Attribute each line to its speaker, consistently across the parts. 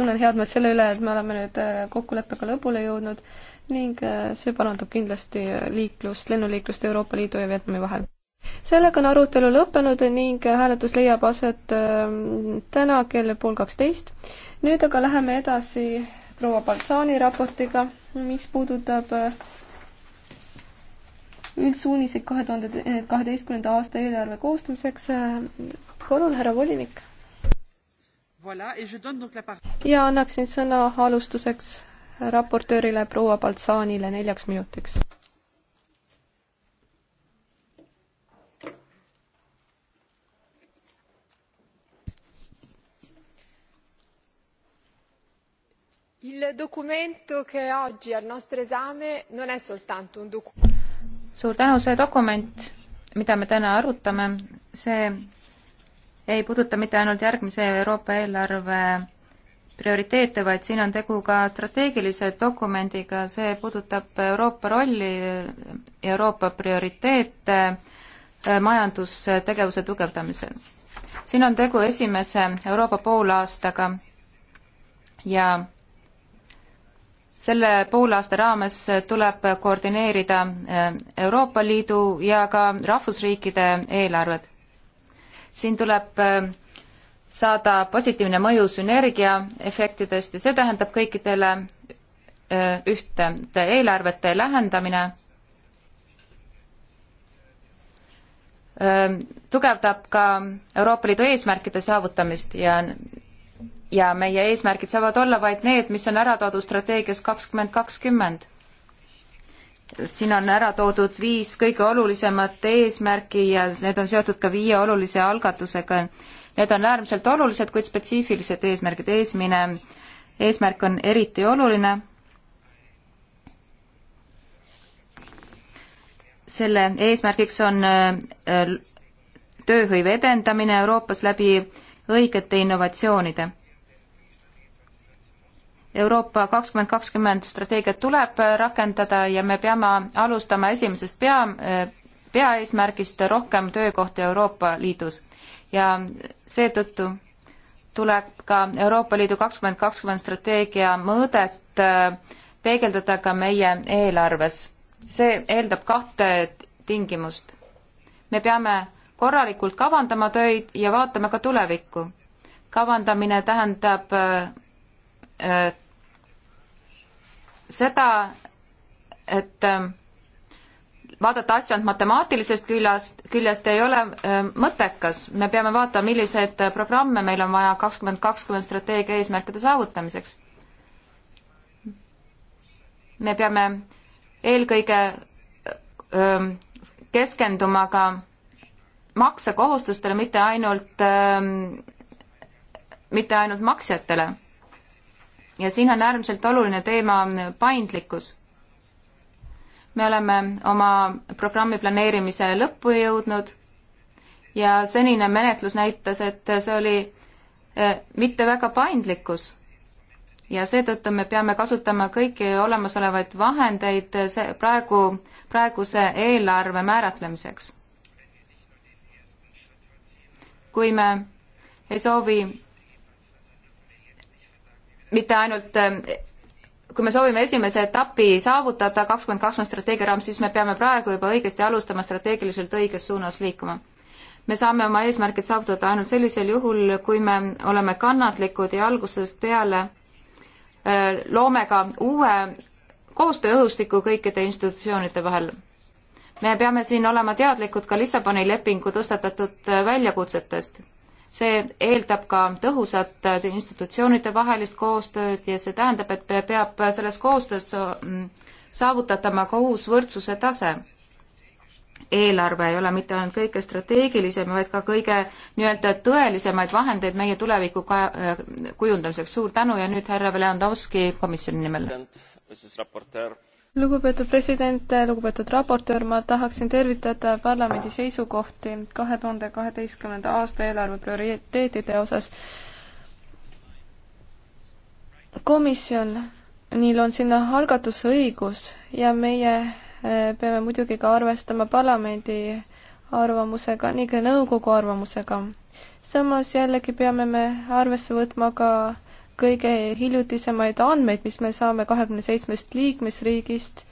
Speaker 1: tunnen head meelt selle üle, et me oleme nüüd äh, kokkuleppega lõpule jõudnud ning äh, see parandab kindlasti äh, liiklust, lennuliiklust Euroopa Liidu ja Vietnami vahel. sellega on arutelu lõppenud ning hääletus leiab aset ähm, täna kell pool kaksteist. nüüd aga läheme edasi proua Baltsaani raportiga, mis puudutab üldsuuniseid kahe tuhande kaheteistkümnenda aasta eelarve koostamiseks. palun, härra volinik ja annaksin sõna alustuseks raportöörile proua Baltsaanile neljaks minutiks.
Speaker 2: il documento che oggi al nostro esame non è soltanto un documento.
Speaker 3: suur tänu, see dokument, mida me täna arutame, see ei puuduta mitte ainult järgmise Euroopa eelarve prioriteete, vaid siin on tegu ka strateegilise dokumendiga, see puudutab Euroopa rolli, Euroopa prioriteete äh, majandustegevuse tugevdamisel. siin on tegu esimese Euroopa poolaastaga ja selle poolaasta raames tuleb koordineerida äh, Euroopa Liidu ja ka rahvusriikide eelarved siin tuleb äh, saada positiivne mõju sünergiaefektidest ja see tähendab kõikidele äh, ühte eelarvete lähendamine äh, tugevdab ka Euroopa Liidu eesmärkide saavutamist ja ja meie eesmärgid saavad olla vaid need, mis on ära toodud strateegias kakskümmend kakskümmend siin on ära toodud viis kõige olulisemat eesmärki ja need on seotud ka viie olulise algatusega. Need on äärmiselt olulised, kuid spetsiifilised eesmärgid. eesmine eesmärk on eriti oluline. selle eesmärgiks on äh, tööhõive edendamine Euroopas läbi õigete innovatsioonide Euroopa kakskümmend kakskümmend strateegiat tuleb äh, rakendada ja me peame alustama esimesest pea, äh, peaeesmärgist rohkem töökohti Euroopa Liidus. ja seetõttu tuleb ka Euroopa Liidu kakskümmend kakskümmend strateegia mõõdet äh, peegeldada ka meie eelarves. see eeldab kahte tingimust. me peame korralikult kavandama töid ja vaatame ka tulevikku. kavandamine tähendab seda, et ähm, vaadata asja ainult matemaatilisest küljest, küljest ei ole ähm, mõttekas. me peame vaatama, milliseid äh, programme meil on vaja kakskümmend kakskümmend strateegia eesmärkide saavutamiseks. me peame eelkõige öö, ähm, keskenduma ka maksekohustustele, mitte ainult, mitte ainult maksjatele ja siin on äärmiselt oluline teema paindlikkus. me oleme oma programmi planeerimise lõppu jõudnud ja senine menetlus näitas, et see oli e, mitte väga paindlikkus ja seetõttu me peame kasutama kõiki olemasolevaid vahendeid see praegu, praeguse eelarve määratlemiseks. kui me ei soovi mitte ainult ähm, kui me soovime esimese etapi saavutada kakskümmend kakskümmend strateegia raames, siis me peame praegu juba õigesti alustama strateegiliselt õiges suunas liikuma. me saame oma eesmärgid saavutada ainult sellisel juhul, kui me oleme kannatlikud ja algusest peale äh, loome ka uue koostööõhustiku kõikide institutsioonide vahel. me peame siin olema teadlikud ka Lissaboni lepingu tõstatatud äh, väljakutsetest see eeldab ka tõhusat äh, institutsioonide vahelist koostööd ja see tähendab, et peab selles koostöös äh, mm, saavutatama ka uus võrdsuse tase. eelarve ei ole mitte ainult kõige strateegilisem, vaid ka kõige nii-öelda tõelisemaid vahendeid meie tuleviku ka-, äh, kujundamiseks. suur tänu ja nüüd härra Veleandovski komisjoni nimel lugupeetud president,
Speaker 1: lugupeetud raportöör, ma tahaksin tervitada parlamendi seisukohti kahe tuhande kaheteistkümnenda aasta eelarve prioriteetide osas. komisjonil on sinna algatusõigus ja meie eh, peame muidugi ka arvestama parlamendi arvamusega ning nõukogu arvamusega. samas jällegi peame me arvesse võtma ka kõige hiljutisemaid andmeid, mis me saame kahekümne seitsmest liikmesriigist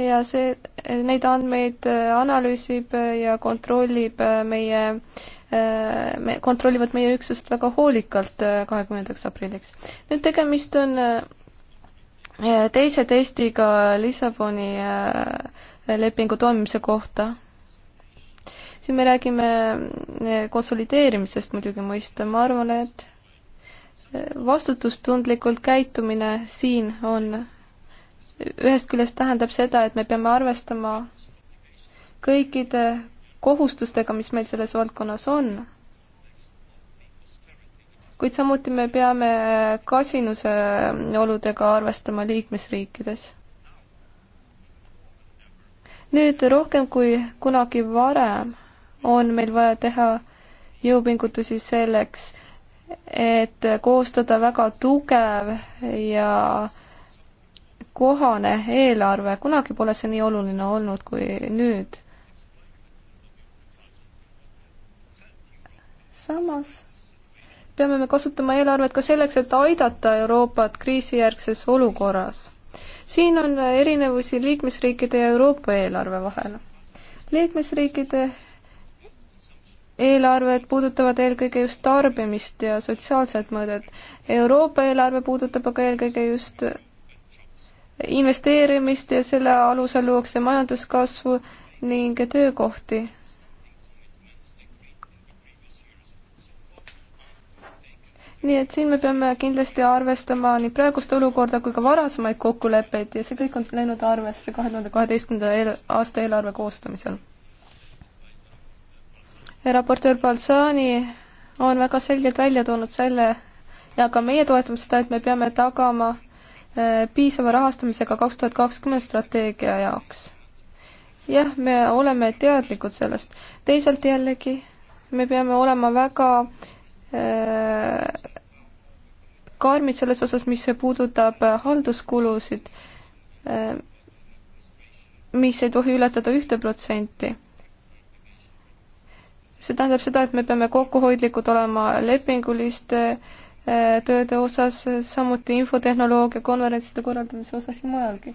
Speaker 1: ja see, neid andmeid äh, analüüsib äh, ja kontrollib äh, meie, me kontrollivad meie üksust väga hoolikalt kahekümnendaks aprilliks. nüüd tegemist on teise testiga Lissaboni lepingu toimimise kohta. siin me räägime konsolideerimisest muidugi mõista, ma arvan, et vastutustundlikult käitumine siin on, ühest küljest tähendab seda, et me peame arvestama kõikide kohustustega, mis meil selles valdkonnas on, kuid samuti me peame kasinuse oludega arvestama liikmesriikides. nüüd rohkem kui kunagi varem on meil vaja teha jõupingutusi selleks, et koostada väga tugev ja kohane eelarve, kunagi pole see nii oluline olnud kui nüüd. samas peame me kasutama eelarvet ka selleks, et aidata Euroopat kriisijärgses olukorras. siin on erinevusi liikmesriikide ja Euroopa eelarve vahel. liikmesriikide eelarved puudutavad eelkõige just tarbimist ja sotsiaalset mõõdet. Euroopa eelarve puudutab aga eelkõige just investeerimist ja selle alusel luuakse majanduskasvu ning töökohti. nii et siin me peame kindlasti arvestama nii praegust olukorda kui ka varasemaid kokkuleppeid ja see kõik on läinud arvesse kahe tuhande kaheteistkümnenda aasta eelarve koostamisel raportöör Balsani on väga selgelt välja toonud selle ja ka meie toetame seda, et me peame tagama eh, piisava rahastamisega kaks tuhat kakskümmend strateegia jaoks. jah, me oleme teadlikud sellest. teisalt jällegi, me peame olema väga eh, karmid selles osas, mis puudutab halduskulusid, eh, mis ei tohi ületada ühte protsenti see tähendab seda, et me peame kokkuhoidlikud olema lepinguliste äh, tööde osas, samuti infotehnoloogia konverentside korraldamise osas ja mujalgi.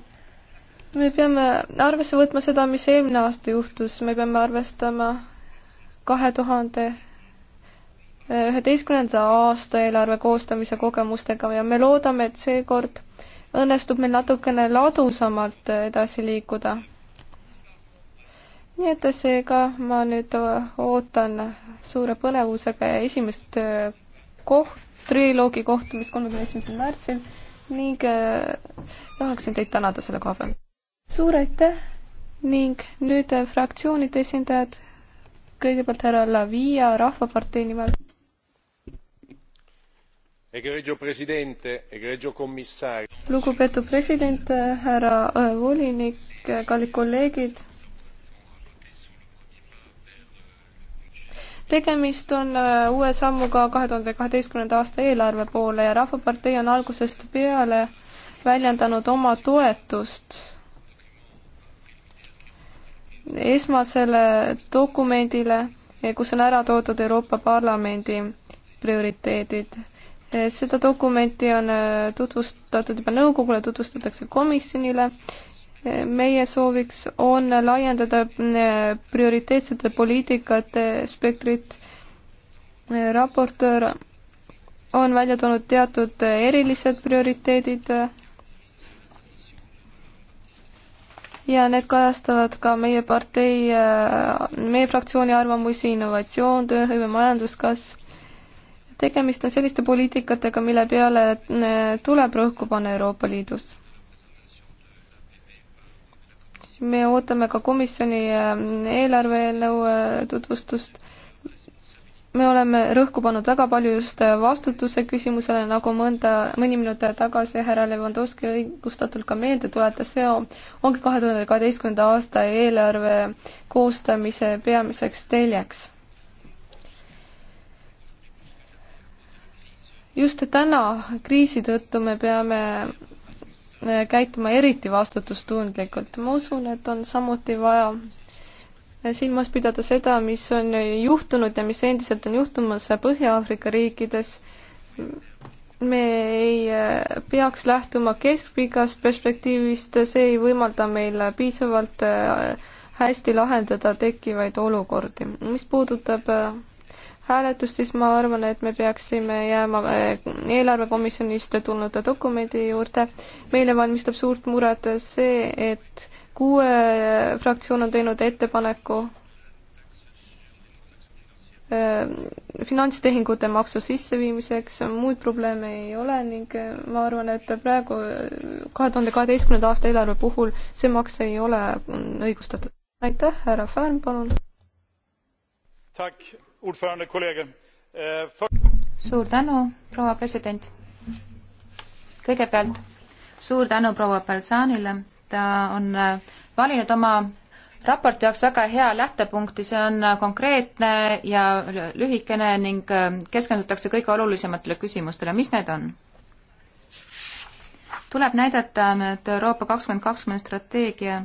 Speaker 1: me peame arvesse võtma seda, mis eelmine aasta juhtus, me peame arvestama kahe tuhande äh, üheteistkümnenda aasta eelarve koostamise kogemustega ja me loodame, et seekord õnnestub meil natukene ladusamalt äh, edasi liikuda nii et seega ma nüüd ootan suure põnevusega esimest äh, koht, triloogi kohtumist kolmekümne esimesel märtsil ning äh, tahaksin teid tänada selle koha peal. suur aitäh ning nüüd äh, fraktsioonide esindajad, kõigepealt härra Lavia Rahvapartei nimel. lugupeetud president, härra volinik, kallid kolleegid tegemist on äh, uue sammuga kahe tuhande kaheteistkümnenda aasta eelarve poole ja Rahvapartei on algusest peale väljendanud oma toetust esmasele dokumendile, eh, kus on ära toodud Euroopa Parlamendi prioriteedid. Eh, seda dokumenti on äh, tutvustatud juba nõukogule, tutvustatakse komisjonile meie sooviks on laiendada eh, prioriteetsete poliitikate spektrit. Eh, raportöör on välja toonud teatud erilised prioriteedid ja need kajastavad ka meie partei, eh, meie fraktsiooni arvamusi, innovatsioon, tööhõive, majanduskasv. tegemist on selliste poliitikatega, mille peale tuleb rõhku panna Euroopa Liidus me ootame ka komisjoni äh, eelarve eelnõu äh, tutvustust. me oleme rõhku pannud väga palju just äh, vastutuse küsimusele, nagu mõnda, mõni minut tagasi härra Levandovski õigustatult ka meelde tuletas, see ongi kahe tuhande kaheteistkümnenda aasta eelarve koostamise peamiseks teljeks. just täna kriisi tõttu me peame käituma eriti vastutustundlikult. ma usun, et on samuti vaja silmas pidada seda, mis on juhtunud ja mis endiselt on juhtumas Põhja-Aafrika riikides. me ei äh, peaks lähtuma keskpikast perspektiivist, see ei võimalda meil piisavalt äh, hästi lahendada tekkivaid olukordi. mis puudutab äh, hääletust, siis ma arvan, et me peaksime jääma eh, eelarvekomisjonist tulnud dokumendi juurde. meile valmistab suurt muret see, et kuue fraktsioon on teinud ettepaneku eh, finantstehingute maksu sisseviimiseks, muid probleeme ei ole ning eh, ma arvan, et praegu kahe tuhande kaheteistkümnenda aasta eelarve puhul see maks ei ole mm,
Speaker 3: õigustatud. aitäh, härra Färm, palun. Eh, suur tänu, proua president. kõigepealt suur tänu proua Balsanile, ta on eh, valinud oma raporti jaoks väga hea lähtepunkti, see on eh, konkreetne ja lühikene ning keskendutakse kõige olulisematele küsimustele, mis need on? tuleb näidata, et Euroopa kakskümmend kakskümmend strateegia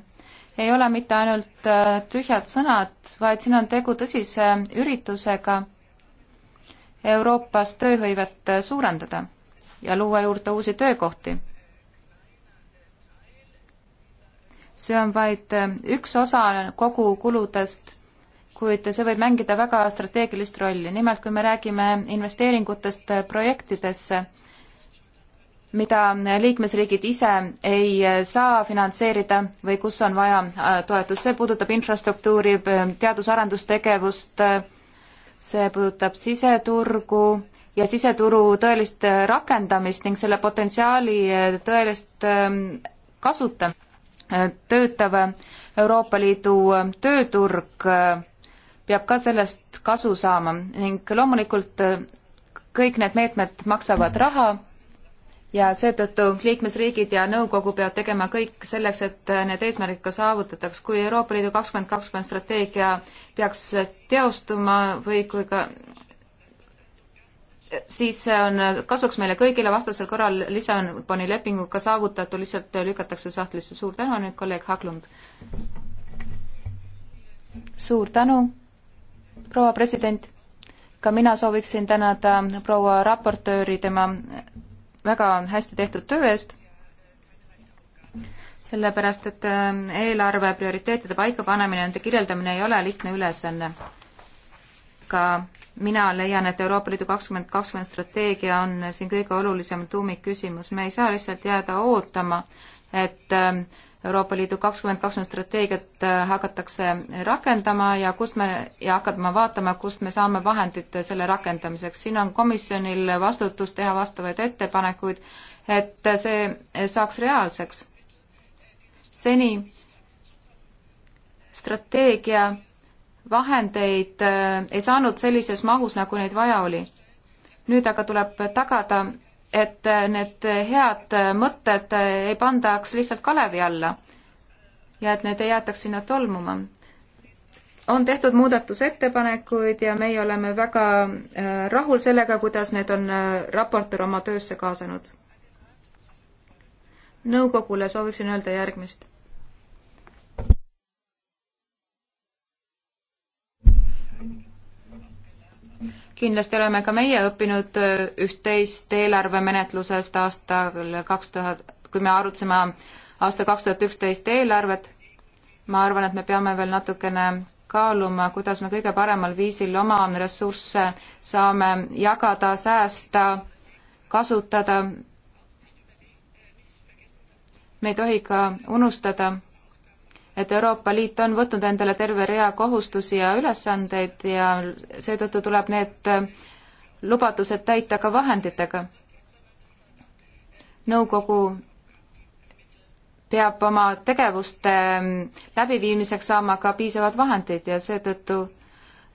Speaker 3: ei ole mitte ainult äh, tühjad sõnad, vaid siin on tegu tõsise üritusega Euroopas tööhõivet äh, suurendada ja luua juurde uusi töökohti. see on vaid äh, üks osa kogukuludest, kuid see võib mängida väga strateegilist rolli. nimelt, kui me räägime investeeringutest projektidesse, mida liikmesriigid ise ei saa finantseerida või kus on vaja äh, toetust. see puudutab infrastruktuuri, äh, teadus-arendustegevust, äh, see puudutab siseturgu ja siseturu tõelist rakendamist ning selle potentsiaali tõelist ähm, kasutamist. töötav Euroopa Liidu tööturg peab ka sellest kasu saama ning loomulikult kõik need meetmed maksavad raha ja seetõttu liikmesriigid ja nõukogu peavad tegema kõik selleks, et need eesmärgid ka saavutataks. kui Euroopa Liidu kakskümmend kakskümmend strateegia peaks teostuma või kui ka siis see on kasuks meile kõigile, vastasel korral Lissaboni lepinguga saavutatu lihtsalt lükatakse sahtlisse. suur tänu nüüd, kolleeg Haglund. suur tänu, proua president. ka mina sooviksin tänada proua raportööri tema väga hästi tehtud töö eest, sellepärast et äh, eelarve prioriteetide paikapanemine, nende kirjeldamine ei ole lihtne ülesanne. ka mina leian, et Euroopa Liidu kakskümmend kakskümmend strateegia on siin kõige olulisem tuumikküsimus, me ei saa lihtsalt jääda ootama, et äh, Euroopa Liidu kakskümmend kakskümmend strateegiat äh, hakatakse rakendama ja kust me, ja hakkame vaatama, kust me saame vahendid selle rakendamiseks. siin on komisjonil vastutus teha vastavaid ettepanekuid, et see saaks reaalseks. seni strateegia vahendeid äh, ei saanud sellises mahus, nagu neid vaja oli. nüüd aga tuleb tagada, et äh, need äh, head äh, mõtted ei pandaks lihtsalt kalevi alla ja et need ei jäetaks sinna tolmuma. on tehtud muudatusettepanekuid ja meie oleme väga rahul sellega, kuidas need on raportöör oma töösse kaasanud. nõukogule sooviksin öelda järgmist kindlasti oleme ka meie õppinud äh, üht-teist eelarvemenetlusest aastal kaks tuhat, kui me arutasime aasta kaks tuhat üksteist eelarvet. ma arvan, et me peame veel natukene kaaluma, kuidas me kõige paremal viisil oma ressursse saame jagada, säästa, kasutada. me ei tohi ka unustada, et Euroopa Liit on võtnud endale terve rea kohustusi ja ülesandeid ja seetõttu tuleb need äh, lubadused täita ka vahenditega. nõukogu peab oma tegevuste ähm, läbiviimiseks saama ka piisavad vahendid ja seetõttu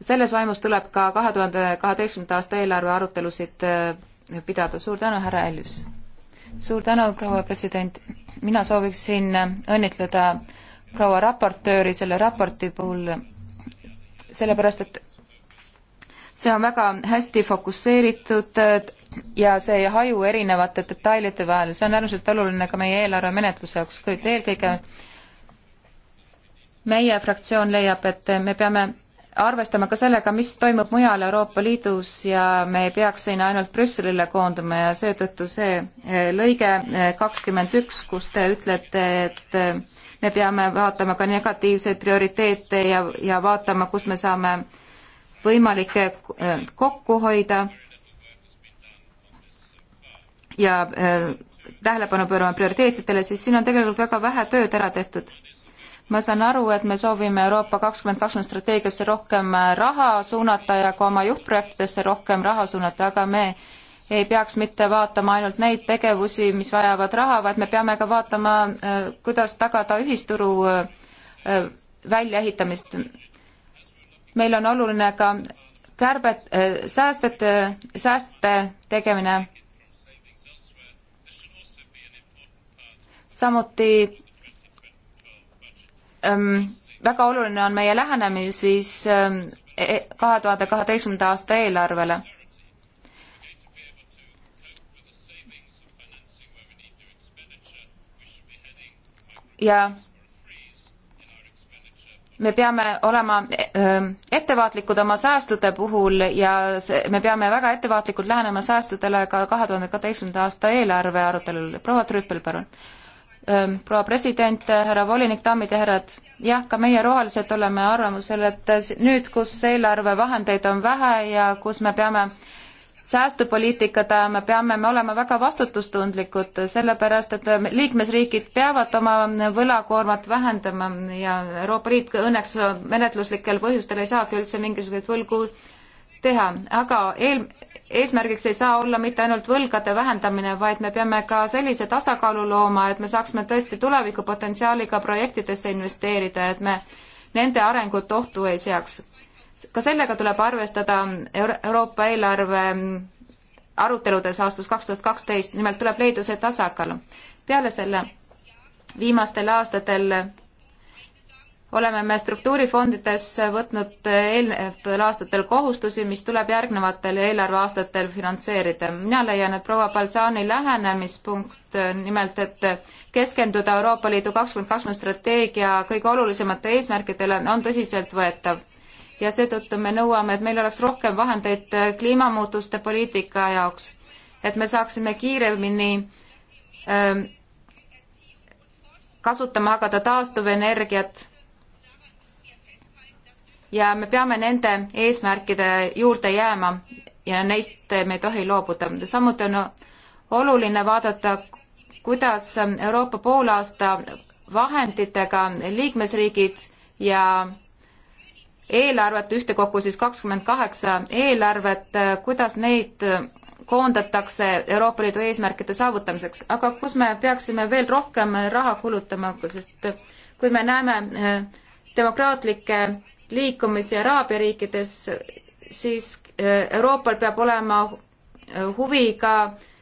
Speaker 3: selles vaimus tuleb ka kahe tuhande kaheteistkümnenda aasta eelarve arutelusid äh, pidada. suur tänu, härra Ellis! suur tänu, proua president! mina sooviksin äh, õnnitleda proua raportööri selle raporti puhul, sellepärast et see on väga hästi fokusseeritud ja see ei haju erinevate detailide vahel, see on äärmiselt oluline ka meie eelarvemenetluse jaoks, kuid eelkõige meie fraktsioon leiab, et me peame arvestama ka sellega, mis toimub mujal Euroopa Liidus ja me ei peaks siin ainult Brüsselile koonduma ja seetõttu see eh, lõige eh, kakskümmend üks, kus te ütlete, et eh, me peame vaatama ka negatiivseid prioriteete ja, ja vaatama, kust me saame võimalikke äh, kokku hoida ja äh, tähelepanu pöörama prioriteetidele, siis siin on tegelikult väga vähe tööd ära tehtud. ma saan aru, et me soovime Euroopa kakskümmend kakskümmend strateegiasse rohkem äh, raha suunata ja ka oma juhtprojektidesse rohkem raha suunata, aga me ei peaks mitte vaatama ainult neid tegevusi, mis vajavad raha, vaid me peame ka vaatama, äh, kuidas tagada ühisturu äh, äh, väljaehitamist. meil on oluline ka kärbet, säästete, sääste tegemine. samuti ähm, väga oluline on meie lähenemisviis ähm, e-, kahe tuhande kaheteistkümnenda aasta eelarvele ja me peame olema ähm, ettevaatlikud oma säästude puhul ja see, me peame väga ettevaatlikult lähenema säästudele ka kahe tuhande kaheteistkümnenda aasta eelarve arutelul. proua Trüppel, palun. Ähm, proua president, härra volinik, daamid ja härrad, jah, ka meie rohelised oleme arvamusel, et nüüd, kus eelarvevahendeid on vähe ja kus me peame äh, säästupoliitikat ajama, peame me olema väga vastutustundlikud, sellepärast et liikmesriigid peavad oma võlakoormat vähendama ja Euroopa Liit õnneks menetluslikel põhjustel ei saagi üldse mingisuguseid võlgu teha, aga eel-, eesmärgiks ei saa olla mitte ainult võlgade vähendamine, vaid me peame ka sellise tasakaalu looma, et me saaksime tõesti tulevikupotentsiaaliga projektidesse investeerida, et me nende arengut ohtu ei seaks ka sellega tuleb arvestada Euro Euroopa eelarve aruteludes aastast kaks tuhat kaksteist, nimelt tuleb leida see tasakaal. peale selle viimastel aastatel oleme me struktuurifondides võtnud eelnevatel aastatel kohustusi, mis tuleb järgnevatel eelarveaastatel finantseerida. mina leian, et proua Balsani lähenemispunkt nimelt, et keskenduda Euroopa Liidu kakskümmend kakskümmend strateegia kõige olulisemate eesmärkidele on tõsiseltvõetav ja seetõttu me nõuame, et meil oleks rohkem vahendeid äh, kliimamuutuste poliitika jaoks, et me saaksime kiiremini ähm, kasutama hakata taastuvenergiat ja me peame nende eesmärkide juurde jääma ja neist me ei tohi loobuda. samuti on oluline vaadata, kuidas Euroopa poolaasta vahenditega liikmesriigid ja eelarvet, ühtekokku siis kakskümmend kaheksa eelarvet, äh, kuidas neid äh, koondatakse Euroopa Liidu eesmärkide saavutamiseks, aga kus me peaksime veel rohkem raha kulutama, sest äh, kui me näeme demokraatlikke liikumisi Araabia riikides, siis Euroopal peab olema huvi ka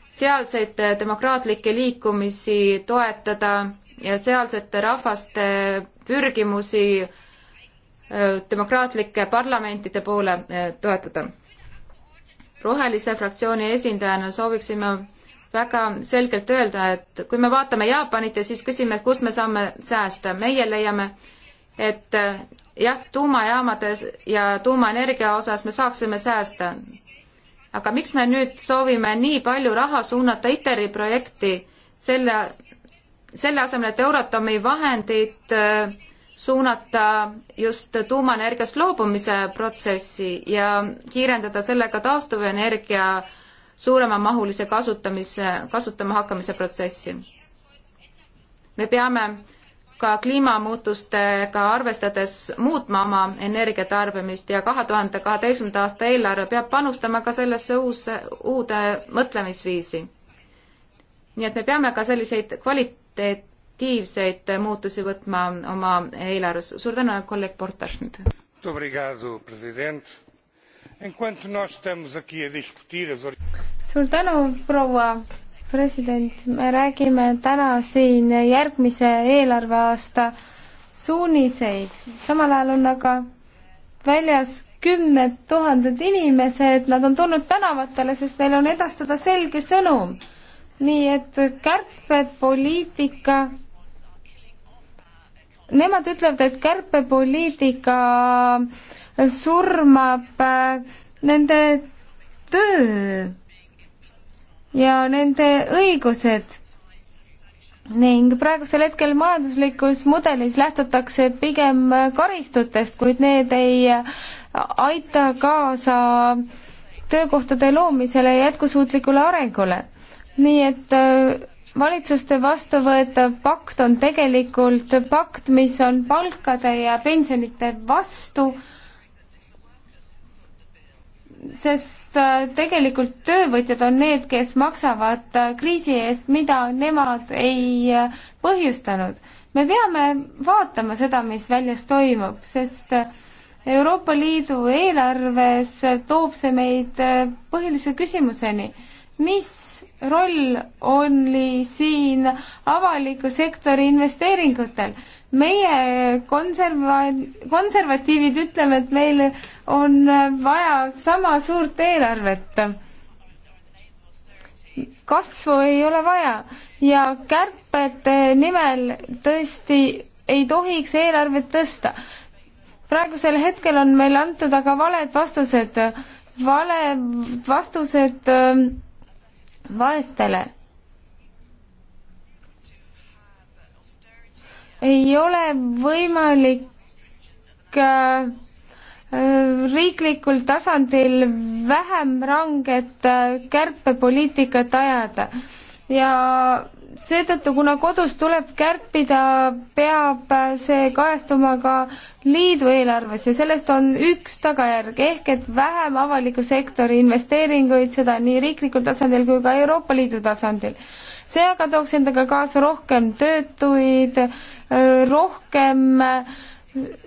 Speaker 3: sealseid demokraatlikke liikumisi toetada ja sealsete rahvaste pürgimusi demokraatlike parlamentide poole eh, toetada. rohelise fraktsiooni esindajana sooviksin ma väga selgelt öelda, et kui me vaatame Jaapanit ja siis küsime, et kust me saame säästa, meie leiame, et eh, jah, tuumajaamades ja tuumaenergia osas me saaksime säästa. aga miks me nüüd soovime nii palju raha suunata ITER-i projekti selle, selle asemel, et Euratomi vahendid äh, suunata just tuumaenergiast loobumise protsessi ja kiirendada sellega taastuvenergia suuremamahulise kasutamise, kasutama hakkamise protsessi. me peame ka kliimamuutustega arvestades muutma oma energiatarbimist ja kahe tuhande kaheteistkümnenda aasta eelarve peab panustama ka sellesse uus, uude mõtlemisviisi. nii et me peame ka selliseid kvaliteet, positiivseid muutusi võtma oma eelarves. suur tänu, kolleeg Portas nüüd.
Speaker 2: suur tänu, proua president, me räägime täna siin järgmise eelarveaasta suuniseid, samal ajal on aga väljas kümned tuhanded inimesed, nad on tulnud tänavatele, sest neil on edastada selge sõnum. nii et kärpepoliitika Nemad ütlevad, et kärpepoliitika surmab äh, nende töö ja nende õigused ning praegusel hetkel majanduslikus mudelis lähtutakse pigem karistutest, kuid need ei aita kaasa töökohtade loomisele ja jätkusuutlikule arengule. nii et äh, valitsuste vastuvõetav pakt on tegelikult pakt, mis on palkade ja pensionite vastu, sest äh, tegelikult töövõtjad on need, kes maksavad äh, kriisi eest, mida nemad ei äh, põhjustanud. me peame vaatama seda, mis väljas toimub, sest Euroopa Liidu eelarves toob see meid põhilise küsimuseni, mis roll oli siin avaliku sektori investeeringutel. meie konserva-, konservatiivid ütleme, et meil on vaja sama suurt eelarvet. kasvu ei ole vaja ja kärpete nimel tõesti ei tohiks eelarvet tõsta. praegusel hetkel on meile antud aga valed vastused, valed vastused äh, vaestele ei ole võimalik äh, riiklikul tasandil vähem ranget äh, kärpepoliitikat ajada ja seetõttu, kuna kodus tuleb kärpida, peab see kajastuma ka liidu eelarves ja sellest on üks tagajärg, ehk et vähem avaliku sektori investeeringuid, seda nii riiklikul tasandil kui ka Euroopa Liidu tasandil. see aga tooks endaga kaasa rohkem töötuid, rohkem äh,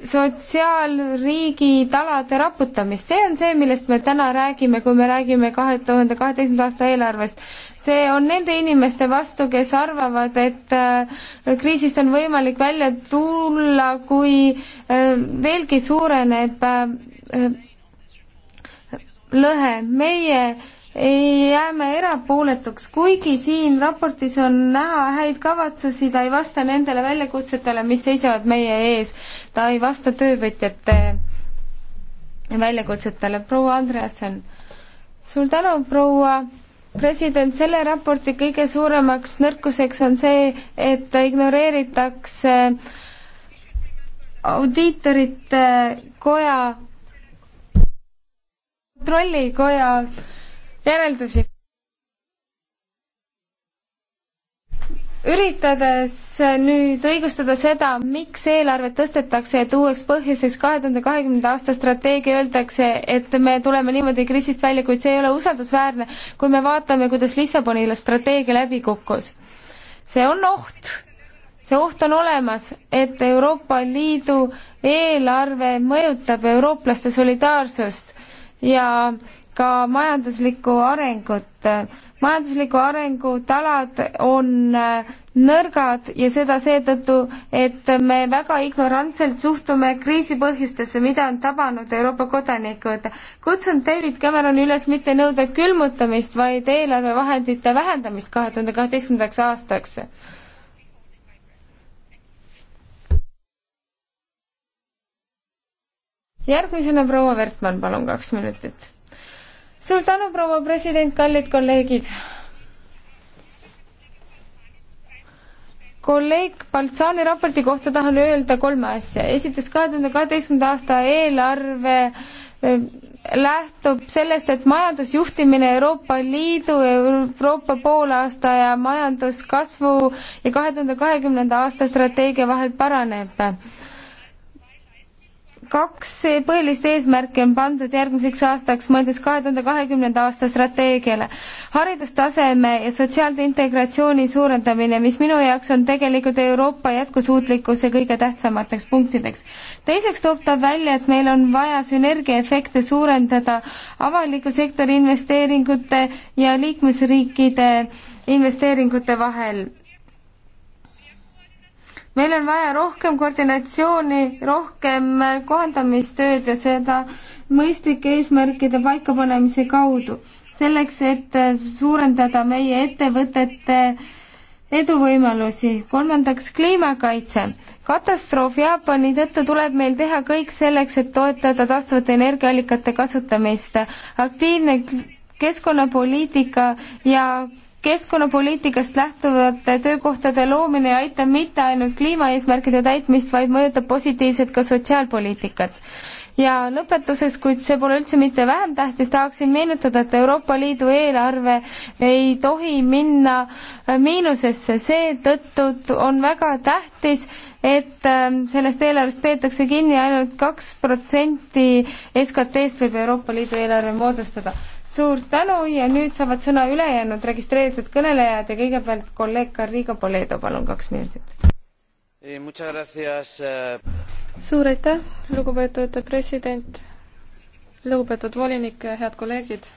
Speaker 2: sotsiaalriigi talade raputamist, see on see, millest me täna räägime, kui me räägime kahe tuhande kaheteistkümnenda aasta eelarvest. see on nende inimeste vastu, kes arvavad, et äh, kriisist on võimalik välja tulla, kui äh, veelgi suureneb äh, lõhe meie ei jääme erapooletuks, kuigi siin raportis on näha häid kavatsusi, ta ei vasta nendele väljakutsetele, mis seisavad meie ees. ta ei vasta töövõtjate väljakutsetele. proua Andreasen, suur tänu, proua president, selle raporti kõige suuremaks nõrkuseks on see, et ignoreeritakse audiitorite koja, kontrollikoja järeldusi. üritades nüüd õigustada seda, miks eelarvet tõstetakse, et uueks põhjuseks kahe tuhande kahekümnenda aasta strateegia öeldakse, et me tuleme niimoodi kriisist välja, kuid see ei ole usaldusväärne, kui me vaatame, kuidas Lissaboni strateegia läbi kukkus. see on oht see oht on olemas, et Euroopa Liidu eelarve mõjutab eurooplaste solidaarsust ja ka majanduslikku arengut. majandusliku arengu talad on äh, nõrgad ja seda seetõttu, et me väga ignorantselt suhtume kriisi põhjustesse, mida on tabanud Euroopa kodanikud. kutsun David Cameroni üles mitte nõuda külmutamist, vaid eelarvevahendite vähendamist kahe tuhande kaheteistkümnendaks aastaks. järgmisena proua Vertmann, palun kaks minutit suur tänu, proua president, kallid kolleegid. kolleeg Baltsaani raporti kohta tahan öelda kolme asja. esiteks, kahe tuhande kaheteistkümnenda aasta eelarve eh, lähtub sellest, et majandusjuhtimine Euroopa Liidu, Euroopa poolaasta ja majanduskasvu ja kahe tuhande kahekümnenda aasta strateegia vahel paraneb kaks põhilist eesmärki on pandud järgmiseks aastaks, mõeldes kahe tuhande kahekümnenda aasta strateegiale. haridustaseme ja sotsiaalse integratsiooni suurendamine, mis minu jaoks on tegelikult Euroopa jätkusuutlikkuse kõige tähtsamateks punktideks. teiseks toob ta välja, et meil on vaja sünergiaefekte suurendada avaliku sektori investeeringute ja liikmesriikide investeeringute vahel meil on vaja rohkem koordinatsiooni, rohkem kohandamistööd ja seda mõistlike eesmärkide paikapanemise kaudu, selleks et suurendada meie ettevõtete eduvõimalusi. kolmandaks, kliimakaitse. katastroof Jaapani tõttu tuleb meil teha kõik selleks, et toetada taastuvate energiaallikate kasutamist. aktiivne keskkonnapoliitika ja keskkonnapoliitikast lähtuvate töökohtade loomine ei aita mitte ainult kliimaeesmärkide täitmist, vaid mõjutab positiivselt ka sotsiaalpoliitikat ja lõpetuseks, kuid see pole üldse mitte vähem tähtis, tahaksin meenutada, et Euroopa Liidu eelarve ei tohi minna äh, miinusesse, seetõttu on väga tähtis, et ähm, sellest eelarvest peetakse kinni ainult kaks protsenti SKT-st võib Euroopa Liidu eelarve moodustada suur tänu ja nüüd saavad sõna ülejäänud registreeritud kõnelejad ja kõigepealt kolleeg Carrigo Poledo, palun kaks minutit eh, eh,. suur
Speaker 1: aitäh, lugupeetud president, lugupeetud volinik, head kolleegid.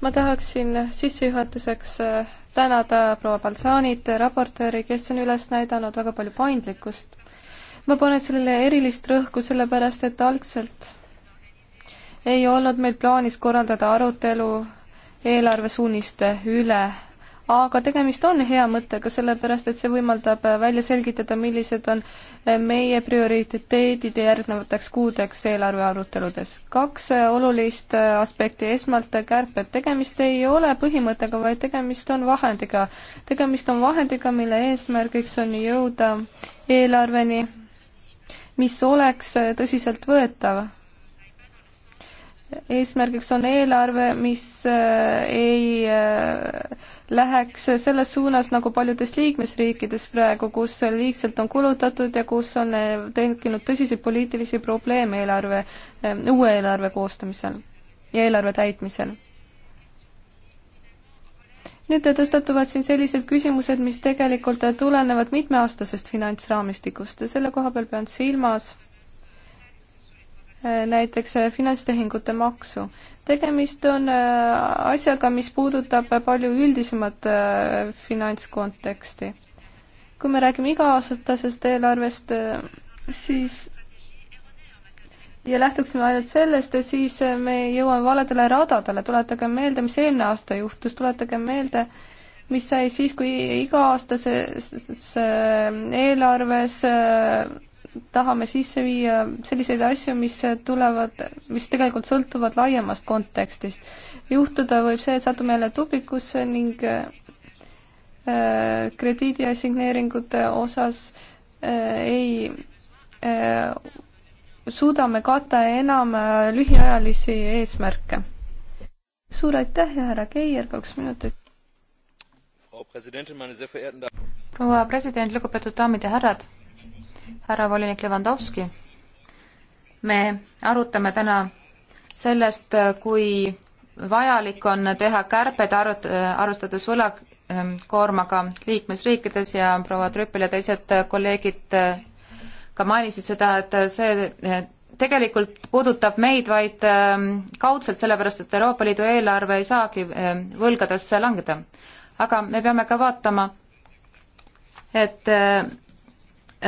Speaker 1: ma tahaksin sissejuhatuseks eh, tänada proua Balsanit, raportööri, kes on üles näidanud väga palju paindlikkust. ma panen sellele erilist rõhku, sellepärast et algselt ei olnud meil plaanis korraldada arutelu eelarvesuuniste üle, aga tegemist on hea mõttega, sellepärast et see võimaldab välja selgitada, millised on meie prioriteedid järgnevateks kuudeks eelarve aruteludes. kaks olulist aspekti, esmalt kärped, tegemist ei ole põhimõttega, vaid tegemist on vahendiga. tegemist on vahendiga, mille eesmärgiks on jõuda eelarveni, mis oleks tõsiseltvõetav eesmärgiks on eelarve, mis äh, ei äh, läheks selles suunas nagu paljudes liikmesriikides praegu, kus liigselt on kulutatud ja kus on äh, tekkinud tõsiseid poliitilisi probleeme eelarve, uue eelarve koostamisel ja eelarve täitmisel. nüüd tõstatuvad siin sellised küsimused, mis tegelikult tulenevad mitmeaastasest finantsraamistikust ja selle koha peal pean silmas Äh, näiteks äh, finantstehingute maksu. tegemist on äh, asjaga, mis puudutab palju üldisemat finantskonteksti. kui me räägime iga-aastasest eelarvest, siis ja lähtuksime ainult sellest, siis me jõuame valedele radadele, tuletage meelde, mis eelmine aasta juhtus, tuletage meelde, mis sai siis, kui iga-aastases eelarves tahame sisse viia selliseid asju, mis tulevad, mis tegelikult sõltuvad laiemast kontekstist. juhtuda võib see, et satume jälle tupikusse ning äh, krediidi assigneeringute osas äh, ei äh, suudame katta enam äh, lühiajalisi eesmärke. suur
Speaker 3: aitäh ja härra Keier, kaks minutit. proua president, lugupeetud daamid ja härrad härra volinik Levandovski. me arutame täna sellest, kui vajalik on teha kärped arut-, arvestades võlakoormaga liikmesriikides ja proua Trüppel ja teised kolleegid ka mainisid seda, et see tegelikult puudutab meid vaid ähm, kaudselt, sellepärast et Euroopa Liidu eelarve ei saagi ähm, võlgadesse langeda. aga me peame ka vaatama, et äh,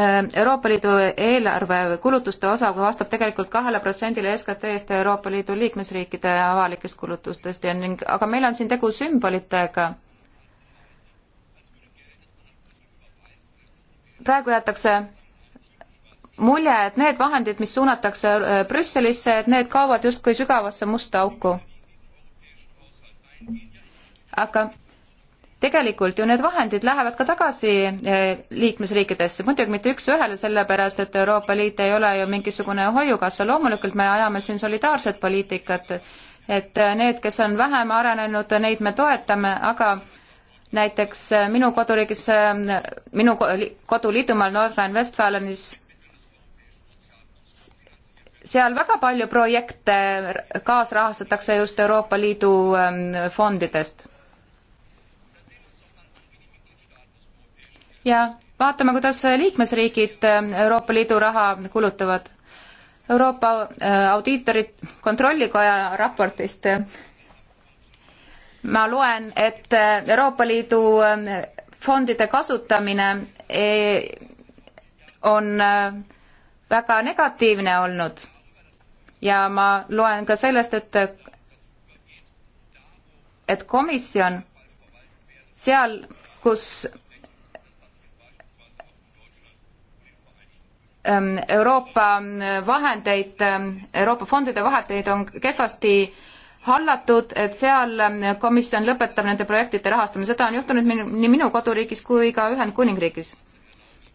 Speaker 3: Ehm, Euroopa Liidu eelarve kulutuste osa vastab tegelikult kahele protsendile SKT-st Euroopa Liidu liikmesriikide avalikest kulutustest ja ning, aga meil on siin tegu sümbolitega. praegu jätakse mulje, et need vahendid, mis suunatakse äh, Brüsselisse, et need kaovad justkui sügavasse musta auku. aga tegelikult ju need vahendid lähevad ka tagasi eh, liikmesriikidesse, muidugi mitte üks-ühele, sellepärast et Euroopa Liit ei ole ju mingisugune hoiukassa, loomulikult me ajame siin solidaarset poliitikat, et eh, need, kes on vähem arenenud, neid me toetame, aga näiteks eh, minu koduriigis, minu kodu Liidumaal Nordrhein-Westfalenis seal väga palju projekte kaasrahastatakse just Euroopa Liidu fondidest ja vaatame, kuidas liikmesriigid äh, Euroopa Liidu raha kulutavad. Euroopa äh, audiitorid kontrollikoja raportist äh, ma loen, et Euroopa Liidu fondide kasutamine on väga negatiivne olnud ja ma loen ka sellest, et et komisjon seal, kus Ähm, Euroopa ähm, vahendeid, ähm, Euroopa fondide vahendeid on kehvasti hallatud, et seal komisjon lõpetab nende projektide rahastamise, seda on juhtunud nii minu koduriigis kui ka Ühendkuningriigis.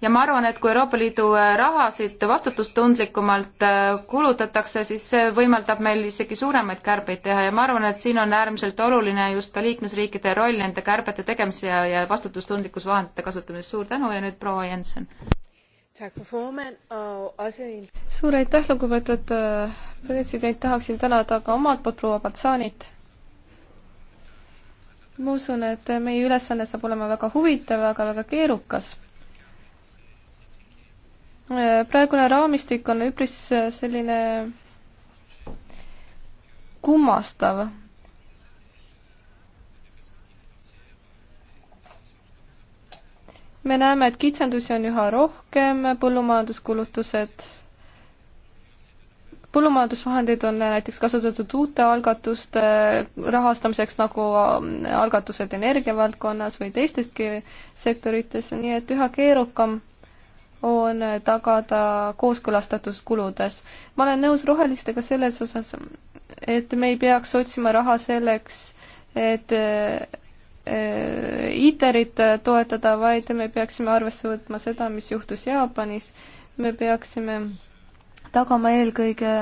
Speaker 3: ja ma arvan, et kui Euroopa Liidu äh, rahasid vastutustundlikumalt äh, kulutatakse, siis see võimaldab meil isegi suuremaid kärbeid teha ja ma arvan, et siin on äärmiselt oluline just ka liikmesriikide roll nende kärbete tegemise ja, ja vastutustundlikus vahendite kasutamises. suur tänu ja nüüd proua Jensen
Speaker 1: suur aitäh, lugupeetud e, president, tahaksin tänada ka omalt poolt proua Patsanit. ma usun, et meie ülesanne saab olema väga huvitav, aga väga keerukas. E, praegune raamistik on üpris e, selline kummastav me näeme, et kitsendusi on üha rohkem, põllumajanduskulutused, põllumajandusvahendeid on näiteks kasutatud uute algatuste rahastamiseks, nagu ähm, algatused energiavaldkonnas või teisteski sektorites, nii et üha keerukam on tagada kooskõlastatus kuludes. ma olen nõus rohelistega selles osas, et me ei peaks otsima raha selleks, et Äh, ITER-it toetada, vaid me peaksime arvesse võtma seda, mis juhtus Jaapanis. me peaksime tagama eelkõige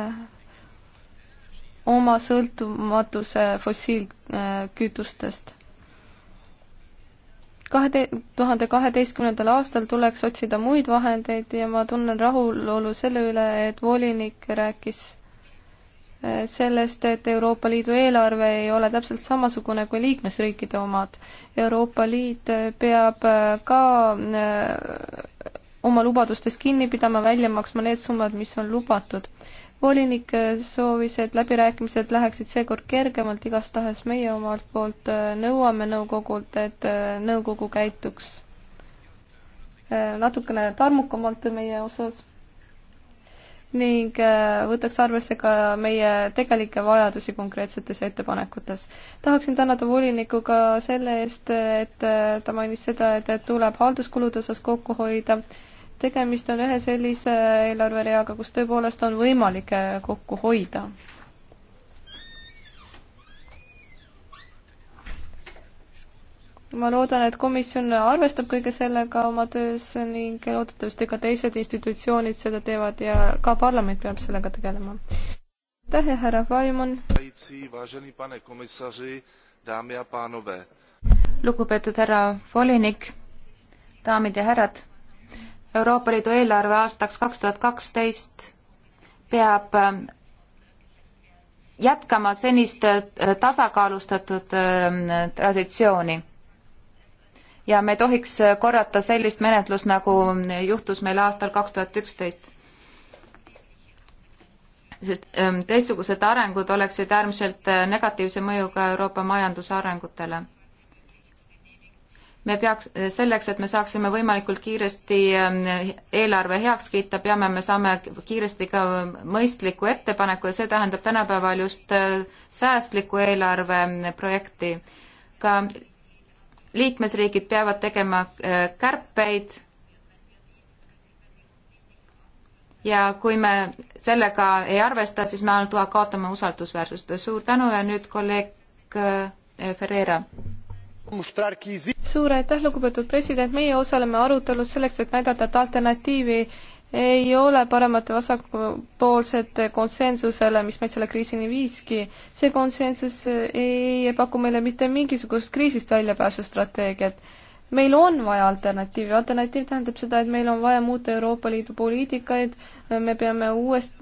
Speaker 1: oma sõltumatuse fossiilkütustest. kahe tuhande kaheteistkümnendal aastal tuleks otsida muid vahendeid ja ma tunnen rahulolu selle üle, et volinik rääkis sellest, et Euroopa Liidu eelarve ei ole täpselt samasugune kui liikmesriikide omad. Euroopa Liit peab ka äh, oma lubadustest kinni pidama, välja maksma need summad, mis on lubatud. volinik soovis, et läbirääkimised läheksid seekord kergemalt, igastahes meie omalt poolt äh, nõuame nõukogult, et äh, nõukogu käituks natukene tarmukamalt meie osas ning äh, võtaks arvesse ka meie tegelikke vajadusi konkreetsetes ettepanekutes. tahaksin tänada volinikku ka selle eest, et äh, ta mainis seda, et, et tuleb halduskulude osas kokku hoida. tegemist on ühe sellise äh, eelarvereaga, kus tõepoolest on võimalik kokku hoida ma loodan, et komisjon arvestab kõige sellega oma töös ning loodetavasti ka teised institutsioonid seda teevad ja ka parlament peab sellega tegelema. aitäh ja härra Vaimon.
Speaker 3: lugupeetud härra volinik, daamid ja härrad. Euroopa Liidu eelarve aastaks kaks tuhat kaksteist peab äh, jätkama senist äh, tasakaalustatud äh, traditsiooni ja me ei tohiks korrata sellist menetlust, nagu juhtus meil aastal kaks tuhat üksteist. sest ähm, teistsugused arengud oleksid äärmiselt äh, negatiivse mõjuga Euroopa majanduse arengutele. me peaks, äh, selleks, et me saaksime võimalikult kiiresti ähm, eelarve heaks kiita, peame me saame kiiresti ka ähm, mõistliku ettepaneku ja see tähendab tänapäeval just äh, säästliku eelarve projekti ka liikmesriigid peavad tegema äh, kärpeid ja kui me sellega ei arvesta, siis me ainult kaotame usaldusväärsust. suur tänu ja nüüd kolleeg äh, Ferreira. suur aitäh, lugupeetud president, meie
Speaker 1: osaleme arutelus selleks, et näidata, et alternatiivi ei ole paremate vasakpoolsete konsensusele, mis meid selle kriisini viiski. see konsensus ei paku meile mitte mingisugust kriisist väljapääsu strateegiat. meil on vaja alternatiivi, alternatiiv tähendab seda, et meil on vaja muuta Euroopa Liidu poliitikaid, me peame uuest,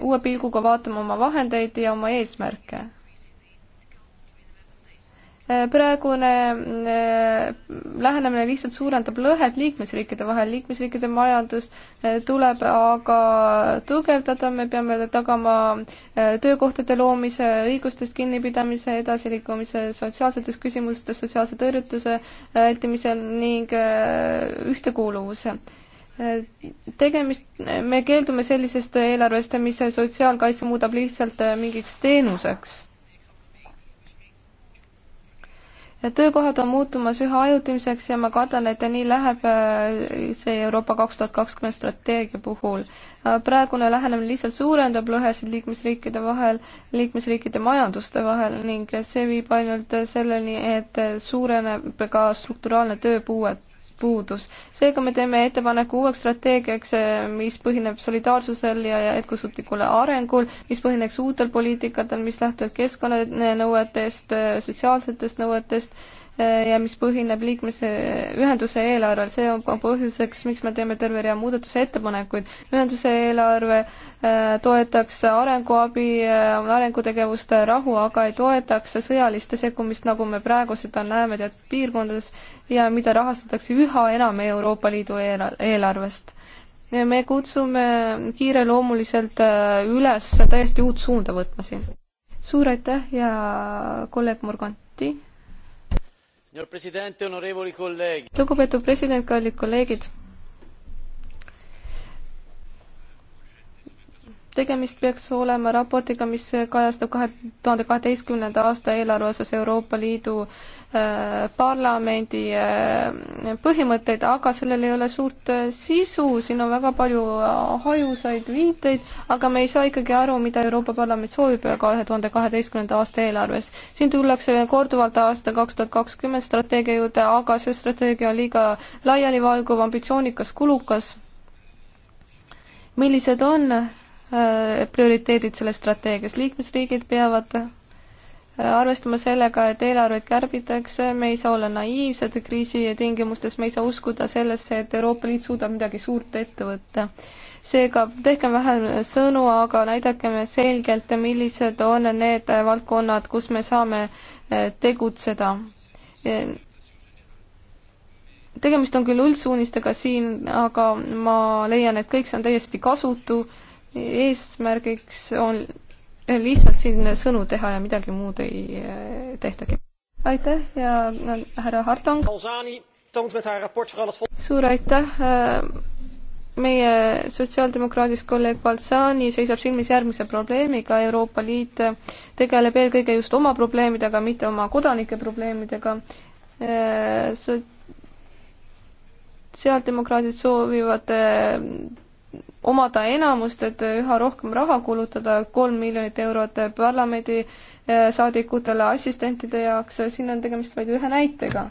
Speaker 1: uue pilguga vaatama oma vahendeid ja oma eesmärke praegune äh, lähenemine lihtsalt suurendab lõhet liikmesriikide vahel, liikmesriikide majandust äh, tuleb aga tugevdada, me peame tagama äh, töökohtade loomise, õigustest kinnipidamise, edasiliikumise sotsiaalsetes küsimustes, sotsiaalse tõrjutuse vältimisel ning ühtekuuluvuse tegemist, me keeldume sellisest eelarvest, mis sotsiaalkaitse muudab lihtsalt mingiks teenuseks töökohad on muutumas üha ajutimiseks ja ma kardan, et nii läheb äh, see Euroopa kaks tuhat kakskümmend strateegia puhul. Äh, praegune lähenemine lihtsalt suurendab lõhesid liikmesriikide vahel, liikmesriikide majanduste vahel ning see viib ainult selleni, et suureneb ka strukturaalne tööpuue puudus. seega me teeme ettepaneku uueks strateegiaks, eh, mis põhineb solidaarsusel ja jätkusuutlikul arengul, mis põhineks uutel poliitikatel, mis lähtuvad keskkonnanõuetest, eh, sotsiaalsetest nõuetest ja mis põhineb liikmese, ühenduse eelarvel, see on põhjuseks, miks me teeme terve rea muudatusettepanekuid. ühenduse eelarve äh, toetaks arenguabi, äh, arengutegevust, rahu, aga ei toetaks sõjalist sekkumist, nagu me praegu seda näeme teatud piirkondades ja mida rahastatakse üha enam Euroopa Liidu eelarvest me kutsume kiireloomuliselt äh, üles täiesti uut suunda võtma siin. suur aitäh ja kolleeg Morganti! lugupeetud president, kallid kolleegid tegemist peaks olema raportiga, mis kajastab kahe tuhande kaheteistkümnenda aasta eelarve osas Euroopa Liidu äh, parlamendi äh, põhimõtteid, aga sellel ei ole suurt äh, sisu, siin on väga palju äh, hajusaid viiteid, aga me ei saa ikkagi aru, mida Euroopa Parlament soovib kahe tuhande kaheteistkümnenda aasta eelarves. siin tullakse korduvalt aasta kaks tuhat kakskümmend strateegia juurde, aga see strateegia on liiga laialivalguv, ambitsioonikas, kulukas. millised on Äh, prioriteedid selles strateegias. liikmesriigid peavad äh, arvestama sellega, et eelarveid kärbitakse, me ei saa olla naiivsed kriisi tingimustes, me ei saa uskuda sellesse, et Euroopa Liit suudab midagi suurt ette võtta. seega tehkem vähem sõnu, aga näidakem selgelt, millised on need valdkonnad, kus me saame äh, tegutseda. tegemist on küll üldsuunistega siin, aga ma leian, et kõik see on täiesti kasutu eesmärgiks on lihtsalt siin sõnu teha ja midagi muud ei eh, tehtagi. aitäh ja äh, härra Hartong. suur aitäh. Äh, meie sotsiaaldemokraadist kolleeg Balsani seisab silmis järgmise probleemiga. Euroopa Liit äh, tegeleb eelkõige just oma probleemidega, mitte oma kodanike probleemidega so. sotsiaaldemokraadid soovivad omada enamust, et üha rohkem raha kulutada, kolm miljonit eurot parlamendi eh, saadikutele, assistentide jaoks, siin on tegemist vaid ühe näitega.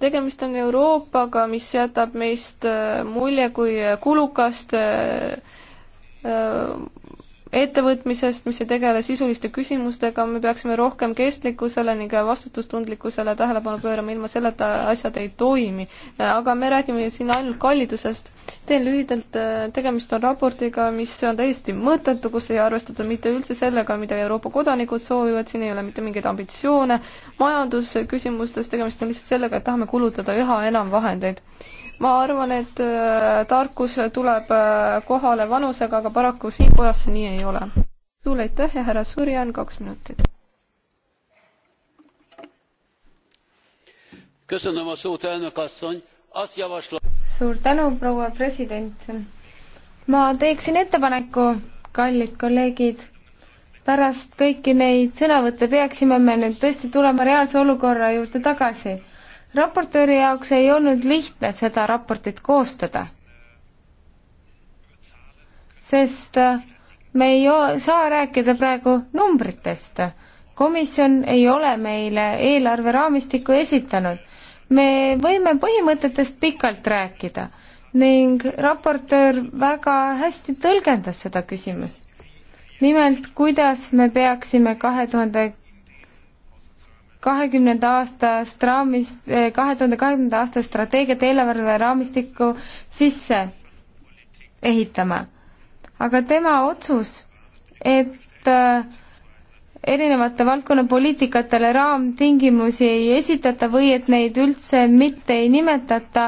Speaker 1: tegemist on Euroopaga, mis jätab meist eh, mulje kui kulukast eh, ettevõtmisest, mis ei tegele sisuliste küsimustega, me peaksime rohkem kestlikkusele ning vastutustundlikkusele tähelepanu pöörama, ilma selleta asjad ei toimi. aga me räägime siin ainult kallidusest teen lühidalt, äh, tegemist on raportiga, mis on täiesti mõttetu, kus ei arvestata mitte üldse sellega, mida Euroopa kodanikud soovivad, siin ei ole mitte mingeid ambitsioone, majandusküsimustes tegemist on lihtsalt sellega, et tahame kulutada üha enam vahendeid. ma arvan, et äh, tarkus tuleb äh, kohale vanusega, aga paraku siin kojas see nii ei ole. suur aitäh ja härra Surjan, kaks minutit.
Speaker 2: köszönöm a szót, elnök asszony! azt javaslom suur tänu, proua president. ma teeksin ettepaneku, kallid kolleegid, pärast kõiki neid sõnavõtte peaksime me nüüd tõesti tulema reaalse olukorra juurde tagasi. raportööri jaoks ei olnud lihtne seda raportit koostada, sest äh, me ei saa rääkida praegu numbritest. komisjon ei ole meile eelarveraamistikku esitanud me võime põhimõtetest pikalt rääkida ning raportöör väga hästi tõlgendas seda küsimust. nimelt, kuidas me peaksime kahe tuhande kahekümnenda aasta raamist, eh, kahe tuhande kahekümnenda aasta strateegiat eelarve raamistikku sisse ehitama. aga tema otsus, et äh, erinevate valdkonnapoliitikatele raamtingimusi ei esitata või et neid üldse mitte ei nimetata,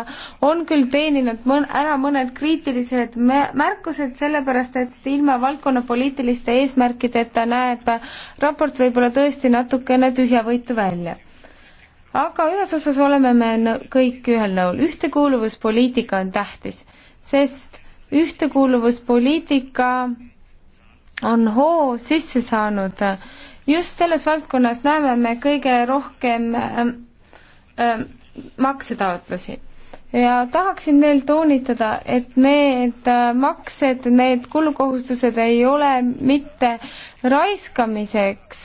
Speaker 2: on küll teeninud mõn-, ära mõned kriitilised märkused, sellepärast et ilma valdkonnapoliitiliste eesmärkideta näeb raport võib-olla tõesti natukene tühjavõitu välja aga ühes osas oleme me kõik ühel nõul, ühtekuuluvuspoliitika on tähtis, sest ühtekuuluvuspoliitika on hoo sisse saanud. just selles valdkonnas näeme me kõige rohkem ähm, ähm, maksetaotlusi ja tahaksin veel toonitada, et need äh, maksed, need kulukohustused ei ole mitte raiskamiseks,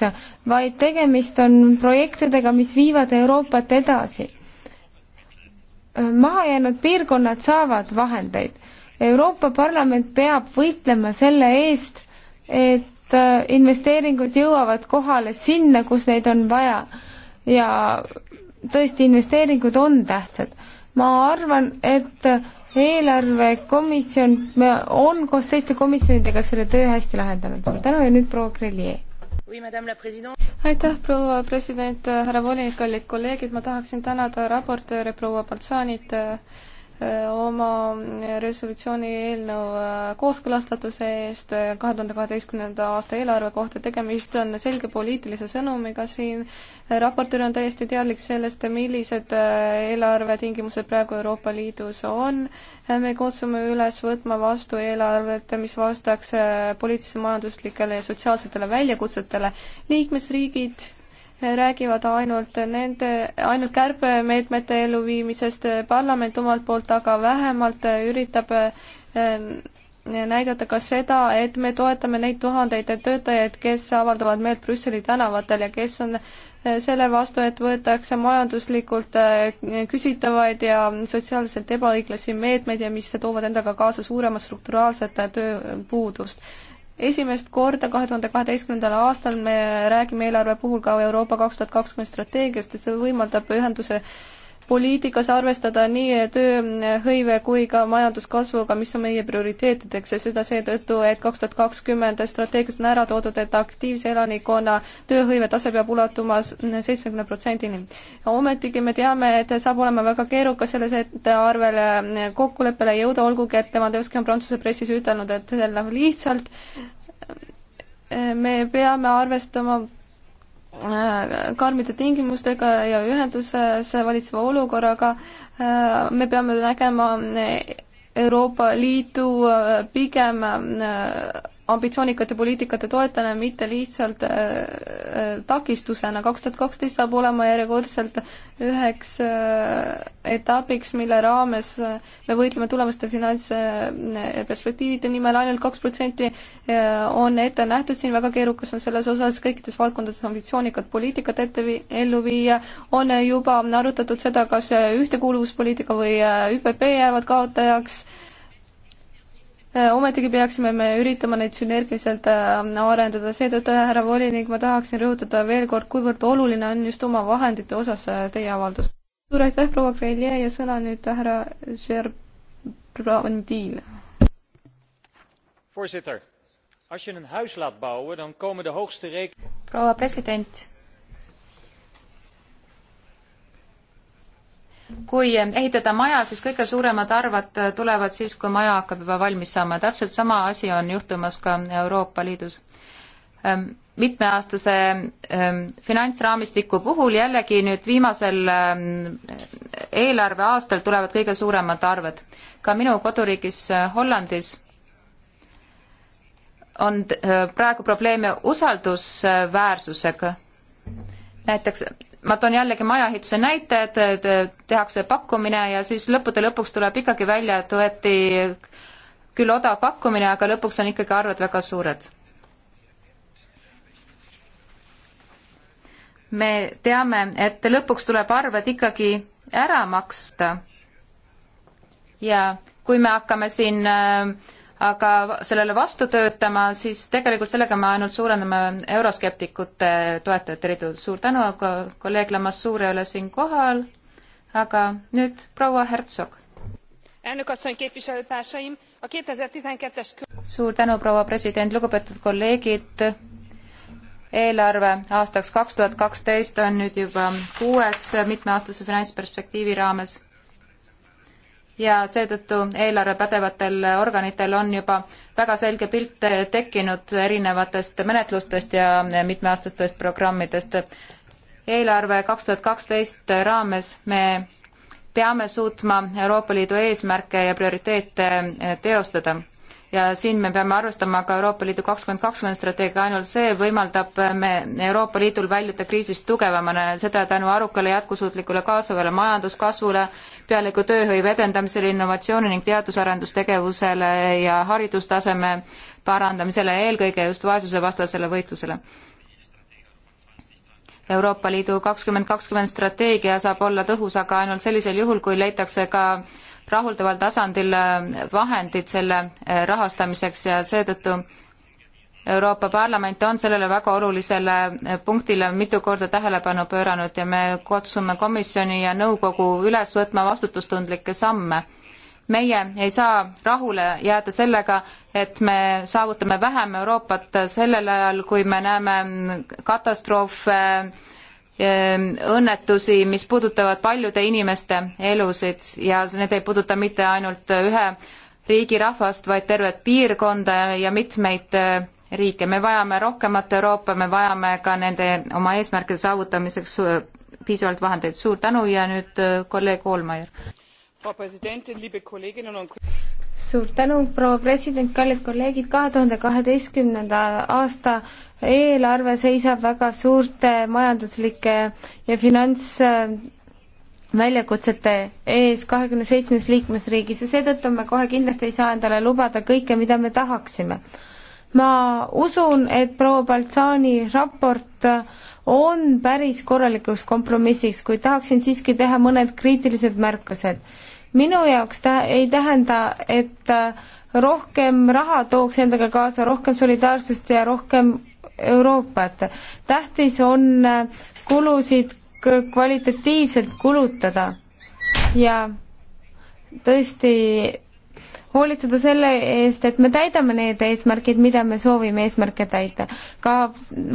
Speaker 2: vaid tegemist on projektidega, mis viivad Euroopat edasi. Äh, mahajäänud piirkonnad saavad vahendeid. Euroopa Parlament peab võitlema selle eest, et äh, investeeringud jõuavad kohale sinna, kus neid on vaja. ja tõesti, investeeringud on tähtsad. ma arvan, et eelarvekomisjon on koos teiste komisjonidega selle töö hästi lahendanud. suur tänu ja nüüd proua Grelier.
Speaker 1: aitäh, proua president, härra volinik, kallid kolleegid, ma tahaksin tänada raportööre proua Baltsanit äh, oma resolutsiooni eelnõu äh, kooskõlastatuse eest äh, kahe tuhande kaheteistkümnenda aasta eelarve kohta. tegemist on selge poliitilise sõnumiga siin. raportöör on täiesti teadlik sellest, millised äh, eelarvetingimused praegu Euroopa Liidus on. me kutsume üles võtma vastu eelarvet, mis vastaks poliitilise, majanduslikele ja sotsiaalsetele väljakutsetele. liikmesriigid räägivad ainult nende, ainult kärpemeetmete elluviimisest, parlament omalt poolt aga vähemalt üritab eh, näidata ka seda, et me toetame neid tuhandeid töötajaid, kes avaldavad meelt Brüsseli tänavatel ja kes on eh, selle vastu, et võetakse majanduslikult eh, küsitavaid ja sotsiaalselt ebaõiglasi meetmeid ja mis toovad endaga kaasa suuremat strukturaalset tööpuudust esimest korda kahe tuhande kaheteistkümnendal aastal me räägime eelarve puhul ka Euroopa kaks tuhat kakskümmend strateegiast ja see võimaldab ühenduse äh, poliitikas arvestada nii tööhõive kui ka majanduskasvuga, mis on meie prioriteetideks ja seda seetõttu, et kaks tuhat kakskümmend strateegias on ära toodud, et aktiivse elanikkonna tööhõive tase peab ulatuma seitsmekümne protsendini. ometigi me teame, et saab olema väga keerukas selles, et arvele kokkuleppele jõuda, olgugi et Lewandowski on Prantsuse pressis ütelnud, et see läheb lihtsalt. me peame arvestama Äh, karmide tingimustega ja ühenduses valitseva olukorraga äh, me peame nägema Euroopa Liidu äh, pigem ambitsioonikate poliitikate toetajana, mitte lihtsalt äh, äh, takistusena. kaks tuhat kaksteist saab olema järjekordselt üheks äh, etapiks, mille raames äh, me võitleme tulevaste finantsperspektiivide äh, nimel ainult, ainult kaks protsenti äh, on ette nähtud siin, väga keerukas on selles osas kõikides valdkondades ambitsioonikat poliitikat ette vi-, ellu viia, on juba arutatud seda, kas ühtekuuluvuspoliitika või ÜPP jäävad kaotajaks äh, Äh, ometigi peaksime me üritama neid sünergiliselt äh, arendada, seetõttu härra volinik, ma tahaksin rõhutada veel kord, kuivõrd oluline on just oma vahendite osas äh, teie avaldus. suur aitäh, proua Grelje ja sõna nüüd härra
Speaker 3: Gerbrandil. voorzitter, als je een huis laat bouwen, dan komen de hoogste reek-. proua president kui ehitada maja, siis kõige suuremad arvad tulevad siis, kui maja hakkab juba valmis saama. täpselt sama asi on juhtumas ka Euroopa Liidus. Ehm, mitmeaastase ehm, finantsraamistiku puhul jällegi nüüd viimasel ehm, eelarveaastal tulevad kõige suuremad arved. ka minu koduriigis eh, Hollandis on eh, praegu probleeme usaldusväärsusega näiteks ma toon jällegi majaehituse näite, et tehakse pakkumine ja siis lõppude lõpuks tuleb ikkagi välja, et võeti küll odav pakkumine, aga lõpuks on ikkagi arved väga suured. me teame, et lõpuks tuleb arved ikkagi ära maksta. ja kui me hakkame siin äh, aga sellele vastu töötama, siis tegelikult sellega me ainult suurendame euroskeptikute toetajate ridu. suur tänu, aga kolleeg Lamassuur ei ole siin kohal, aga nüüd proua Hertsog. suur tänu, proua president, lugupeetud kolleegid, eelarve aastaks kaks tuhat kaksteist on nüüd juba kuues mitmeaastase finantsperspektiivi raames ja seetõttu eelarve pädevatel organitel on juba väga selge pilt tekkinud erinevatest menetlustest ja mitmeaastastest programmidest. eelarve kaks tuhat kaksteist raames me peame suutma Euroopa Liidu eesmärke ja prioriteete teostada ja siin me peame arvestama ka Euroopa Liidu kakskümmend kakskümmend strateegia, ainult see võimaldab me Euroopa Liidul väljuda kriisist tugevamana, seda tänu arukale jätkusuutlikule kaasavale majanduskasvule, pealiku tööhõive edendamisele, innovatsiooni ning teadus-arendustegevusele ja haridustaseme parandamisele, eelkõige just vaesusevastasele võitlusele. Euroopa Liidu kakskümmend kakskümmend strateegia saab olla tõhus aga ainult sellisel juhul, kui leitakse ka rahuldaval tasandil äh, vahendid selle äh, rahastamiseks ja seetõttu Euroopa Parlament on sellele väga olulisele äh, punktile mitu korda tähelepanu pööranud ja me kutsume komisjoni ja nõukogu üles võtma vastutustundlikke samme. meie ei saa rahule jääda sellega, et me saavutame vähem Euroopat sellel ajal, kui me näeme katastroofe äh, Ehm, õnnetusi, mis puudutavad paljude inimeste elusid ja need ei puuduta mitte ainult ühe riigi rahvast, vaid tervet piirkonda ja mitmeid eh, riike. me vajame rohkemat Euroopa, me vajame ka nende oma eesmärkide saavutamiseks eh, piisavalt vahendeid. suur tänu ja nüüd eh, kolleeg Hoolmeier suur tänu, proua president, kallid kolleegid, kahe tuhande kaheteistkümnenda
Speaker 2: aasta eelarve seisab väga suurte majanduslike ja finants väljakutsete ees kahekümne seitsmes liikmesriigis ja seetõttu me kohe kindlasti ei saa endale lubada kõike, mida me tahaksime. ma usun, et proua Baltsani raport on päris korralikuks kompromissiks, kuid tahaksin siiski teha mõned kriitilised märkused minu jaoks ta ei tähenda, et äh, rohkem raha tooks endaga kaasa rohkem solidaarsust ja rohkem Euroopat. tähtis on äh, kulusid kvalitatiivselt kulutada ja tõesti hoolitseda selle eest, et me täidame need eesmärgid, mida me soovime eesmärke täita. ka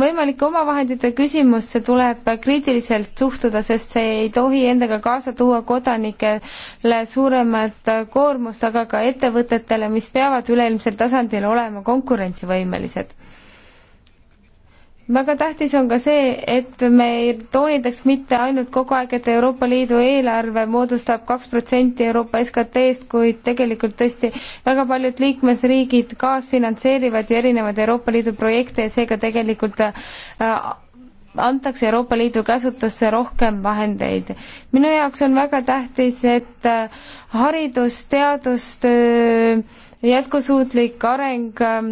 Speaker 2: võimalike omavahendite küsimusse tuleb kriitiliselt suhtuda, sest see ei tohi endaga kaasa tuua kodanikele suuremat koormust, aga ka ettevõtetele, mis peavad üleilmsel tasandil olema konkurentsivõimelised väga tähtis on ka see, et me ei toonitaks mitte ainult kogu aeg, et Euroopa Liidu eelarve moodustab kaks protsenti Euroopa SKT-st, kuid tegelikult tõesti väga paljud liikmesriigid kaasfinantseerivad ju erinevaid Euroopa Liidu projekte ja seega tegelikult äh, antakse Euroopa Liidu käsutusse rohkem vahendeid. minu jaoks on väga tähtis, et äh, haridus, teadustöö jätkusuutlik areng ähm,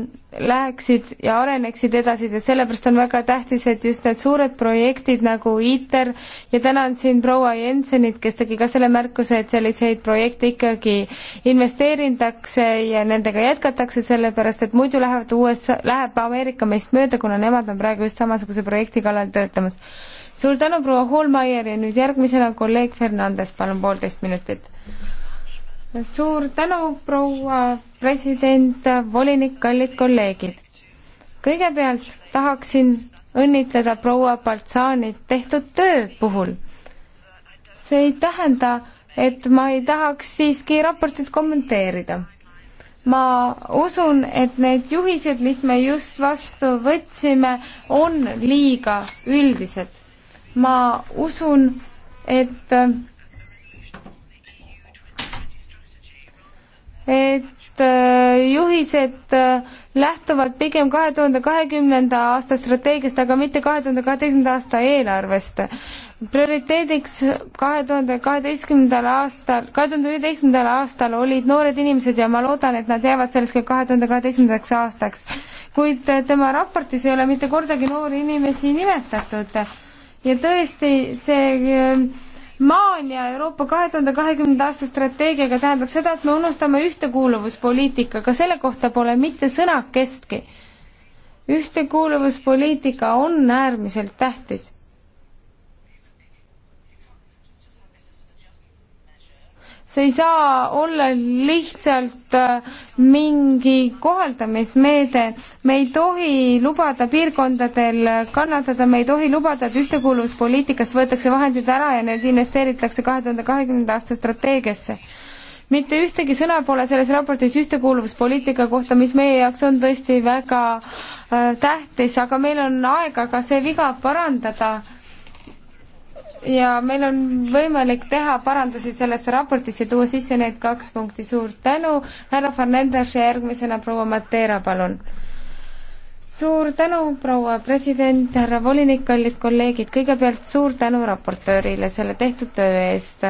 Speaker 2: läheksid ja areneksid edasi ja sellepärast on väga tähtis, et just need suured projektid nagu ITER ja tänan siin proua Jensenit, kes tegi ka selle märkuse, et selliseid projekte ikkagi investeeritakse ja nendega jätkatakse, sellepärast et muidu lähevad USA, läheb Ameerika meist mööda, kuna nemad on praegu just samasuguse projekti kallal töötamas. suur tänu, proua Hoolmeier ja nüüd järgmisena kolleeg Fernandes, palun poolteist minutit suur tänu, proua president, volinik, kallid kolleegid. kõigepealt tahaksin õnnitleda proua Baltsaanit tehtud töö puhul. see ei tähenda, et ma ei tahaks siiski raportit kommenteerida. ma usun, et need juhised, mis me just vastu võtsime, on liiga üldised. ma usun, et et äh, juhised äh, lähtuvad pigem kahe tuhande kahekümnenda aasta strateegiast, aga mitte kahe tuhande kaheteistkümnenda aasta eelarvest. prioriteediks kahe tuhande kaheteistkümnendal aastal, kahe tuhande üheteistkümnendal aastal olid noored inimesed ja ma loodan, et nad jäävad selleks ka kahe tuhande kaheteistkümnendaks aastaks. kuid äh, tema raportis ei ole mitte kordagi noori inimesi nimetatud ja tõesti see maan ja Euroopa kahe tuhande kahekümnenda aasta strateegiaga tähendab seda, et me unustame ühtekuuluvuspoliitika, ka selle kohta pole mitte sõnakestki. ühtekuuluvuspoliitika on äärmiselt tähtis see ei saa olla lihtsalt äh, mingi kohaldamismeede, me ei tohi lubada piirkondadel kannatada, me ei tohi lubada, et ühtekuuluvuspoliitikast võetakse vahendid ära ja need investeeritakse kahe tuhande kahekümnenda aasta strateegiasse. mitte ühtegi sõna pole selles raportis ühtekuuluvuspoliitika kohta, mis meie jaoks on tõesti väga äh, tähtis, aga meil on aega ka see viga parandada ja meil on võimalik teha parandusi sellesse raportisse, tuua sisse need kaks punkti, suur tänu, härra Fernandes ja järgmisena proua Matera, palun. suur tänu, proua president, härra volinik, kallid kolleegid, kõigepealt suur tänu raportöörile selle tehtud töö eest.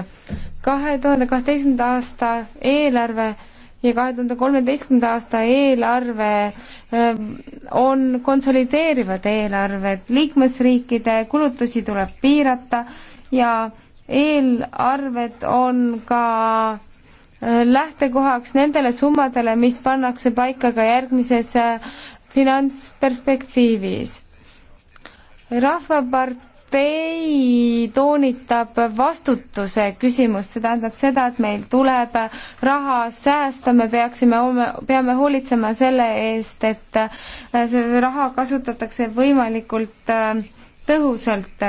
Speaker 2: kahe tuhande kaheteistkümnenda aasta eelarve ja kahe tuhande kolmeteistkümnenda aasta eelarve ähm, on konsolideerivad eelarved, liikmesriikide kulutusi tuleb piirata ja eelarved on ka äh, lähtekohaks nendele summadele, mis pannakse paika ka järgmises äh, finantsperspektiivis. rahvapart-, partei toonitab vastutuse küsimust, see tähendab seda, et meil tuleb raha säästa, me peaksime, peame hoolitsema selle eest, et see raha kasutatakse võimalikult äh, tõhusalt.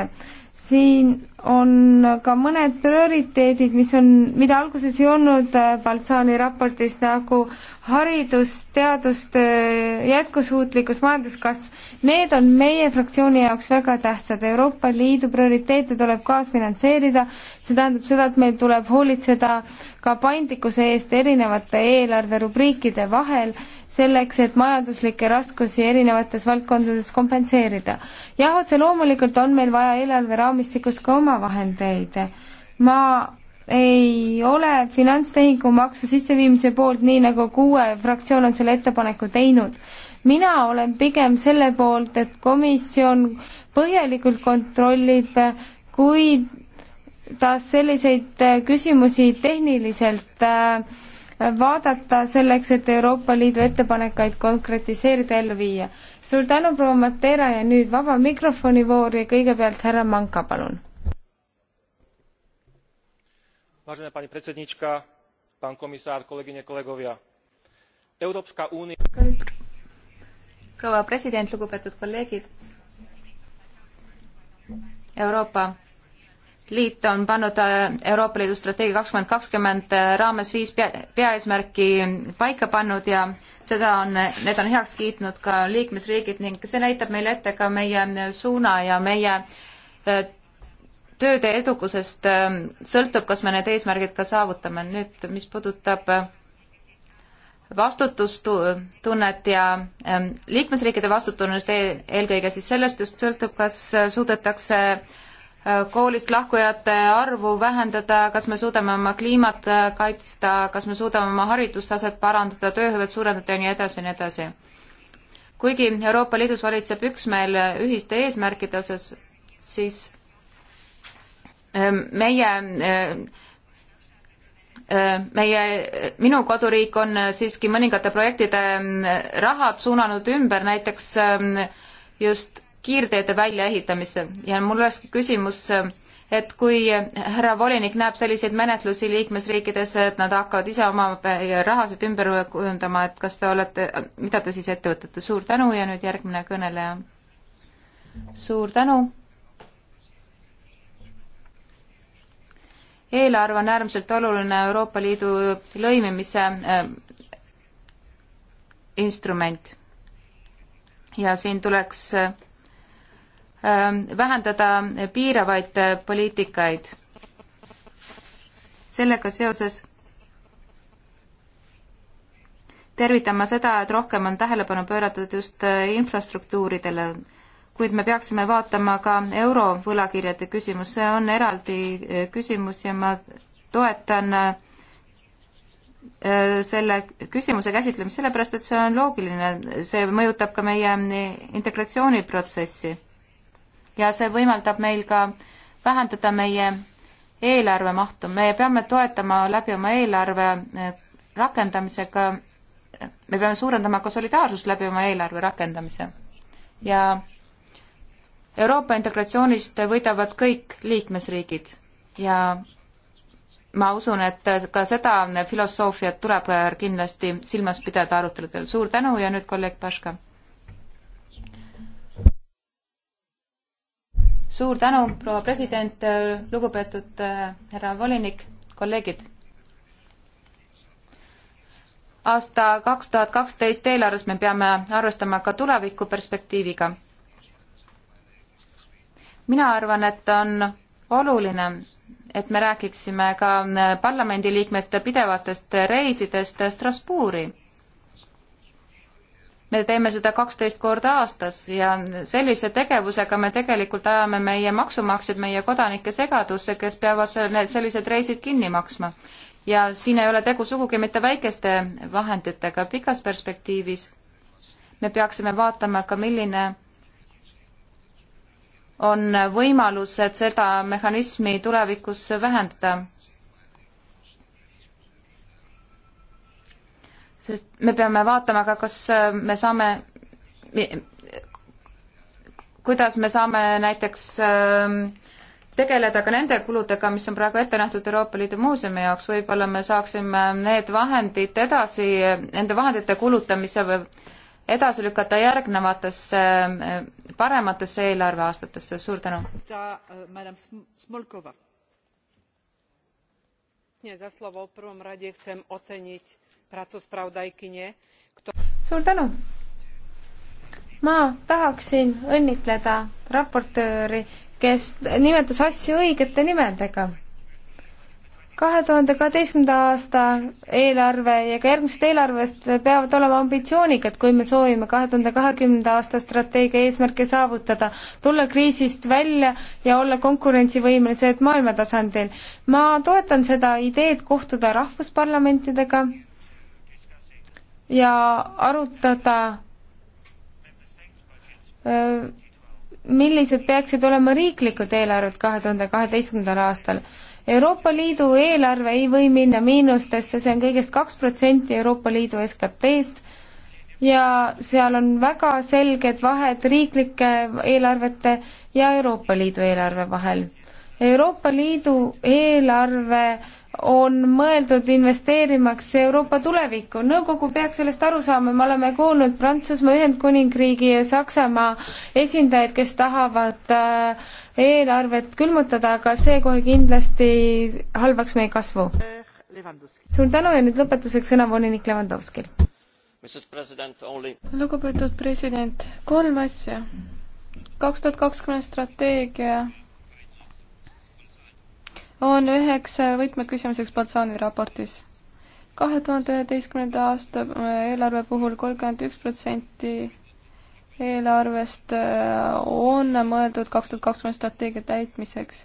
Speaker 2: siin on ka mõned prioriteedid, mis on, mida alguses ei olnud äh, Baltsaani raportis, nagu haridus, teadustöö, jätkusuutlikkus, majanduskasv, need on meie fraktsiooni jaoks väga tähtsad. Euroopa Liidu prioriteete tuleb kaasfinantseerida, see tähendab seda, et meil tuleb hoolitseda ka paindlikkuse eest erinevate eelarverubriikide vahel, selleks, et majanduslikke raskusi erinevates valdkondades kompenseerida. jah, otse loomulikult on meil vaja eelarveraamistikus ka oma omavahendeid. ma ei ole finantstehingumaksu sisseviimise poolt, nii nagu kuue fraktsioon on selle ettepaneku teinud. mina olen pigem selle poolt, et komisjon põhjalikult kontrollib, kui ta selliseid küsimusi tehniliselt äh, vaadata selleks, et Euroopa Liidu ettepanekaid konkretiseerida, ellu viia. suur tänu, proua Matera ja nüüd vaba mikrofoni voor ja kõigepealt härra Manka, palun
Speaker 3: vážená pani predsedníčka pán komisár kolegyne kolegovia európska únia proua president lugupeetud kolleegid euroopa liit on pannud äh, Euroopa Liidu strateegia kakskümmend kakskümmend äh, raames viis pea, peaeesmärki paika pannud ja seda on, need on heaks kiitnud ka liikmesriigid ning see näitab meile ette ka meie suuna ja meie äh, tööde edukusest ähm, sõltub, kas me need eesmärgid ka saavutame. nüüd, mis puudutab äh, vastutustunnet ja ähm, liikmesriikide vastutunnust e-, eelkõige, siis sellest just sõltub, kas äh, suudetakse äh, koolist lahkujate arvu vähendada, kas me suudame oma kliimat kaitsta, kas me suudame oma haridustaset parandada, tööhõivet suurendada ja nii edasi ja nii edasi. kuigi Euroopa Liidus valitseb üksmeel ühiste eesmärkide osas, siis meie meie, minu koduriik on siiski mõningate projektide rahad suunanud ümber näiteks just kiirteede väljaehitamisse ja mul olekski küsimus, et kui härra volinik näeb selliseid menetlusi liikmesriikides, et nad hakkavad ise oma rahasid ümber kujundama, et kas te olete, mida te siis ette võtate, suur tänu ja nüüd järgmine kõneleja. suur tänu eelarve on äärmiselt oluline Euroopa Liidu lõimimise äh, instrument. ja siin tuleks äh, vähendada piiravaid äh, poliitikaid. sellega seoses tervitan ma seda, et rohkem on tähelepanu pööratud just infrastruktuuridele kuid me peaksime vaatama ka eurovõlakirjade küsimus, see on eraldi eh, küsimus ja ma toetan eh, selle küsimuse käsitlemist, sellepärast et see on loogiline, see mõjutab ka meie eh, integratsiooniprotsessi. ja see võimaldab meil ka vähendada meie eelarve mahtu, me peame toetama läbi oma eelarve rakendamisega, me peame suurendama ka solidaarsust läbi oma eelarve rakendamise. ja Euroopa integratsioonist võidavad kõik liikmesriigid ja ma usun, et ka seda filosoofiat tuleb kindlasti silmas pidada aruteludel. suur tänu ja nüüd kolleeg Paška. suur tänu, proua president, lugupeetud äh, härra volinik, kolleegid aasta kaks tuhat kaksteist eelarves me peame arvestama ka tulevikuperspektiiviga mina arvan, et on oluline, et me räägiksime ka äh, parlamendiliikmete pidevatest reisidest Strasbourgi. me teeme seda kaksteist korda aastas ja sellise tegevusega me tegelikult ajame meie maksumaksjad, meie kodanikke segadusse, kes peavad selle, sellised reisid kinni maksma. ja siin ei ole tegu sugugi mitte väikeste vahenditega, pikas perspektiivis me peaksime vaatama ka, milline on võimalus, et seda mehhanismi tulevikus vähendada. sest me peame vaatama ka, kas me saame, kuidas me saame näiteks ähm, tegeleda ka nende kuludega, mis on praegu ette nähtud Euroopa Liidu muuseumi jaoks, võib-olla me saaksime need vahendid edasi, nende vahendite kulutamise või edasi lükata järgnevatesse äh, parematesse eelarveaastatesse, suur tänu. Äh, v prvom rade chcem
Speaker 2: oceniť
Speaker 3: prácu spravodajkyne.
Speaker 2: suur tänu. ma tahaksin õnnitleda raportööri, kes nimetas asju õigete nimedega kahe tuhande kaheteistkümnenda aasta eelarve ja ka järgmised eelarvest peavad olema ambitsioonikad, kui me soovime kahe tuhande kahekümnenda aasta strateegia eesmärke saavutada, tulla kriisist välja ja olla konkurentsivõimelised maailma tasandil. ma toetan seda ideed kohtuda rahvusparlamentidega ja arutada millised peaksid olema riiklikud eelarved kahe tuhande kaheteistkümnendal aastal Euroopa Liidu eelarve ei või minna miinustesse, see on kõigest kaks protsenti Euroopa Liidu SKT-st ja seal on väga selged vahed riiklike eelarvete ja Euroopa Liidu eelarve vahel. Euroopa Liidu eelarve on mõeldud investeerimaks Euroopa tulevikku. nõukogu peaks sellest aru saama, me oleme kuulnud Prantsusmaa, Ühendkuningriigi ja Saksamaa esindajaid, kes tahavad äh, eelarvet külmutada, aga see kohe kindlasti halvaks meie kasvu. suur tänu ja nüüd lõpetuseks sõna volinik Levandovskil. lugupeetud president,
Speaker 1: kolm asja. kaks tuhat kakskümmend strateegia on üheks äh, võtmeküsimuseks Balsani raportis. kahe tuhande üheteistkümnenda aasta äh, eelarve puhul kolmkümmend üks protsenti eelarvest äh, on mõeldud kaks tuhat kakskümmend strateegia täitmiseks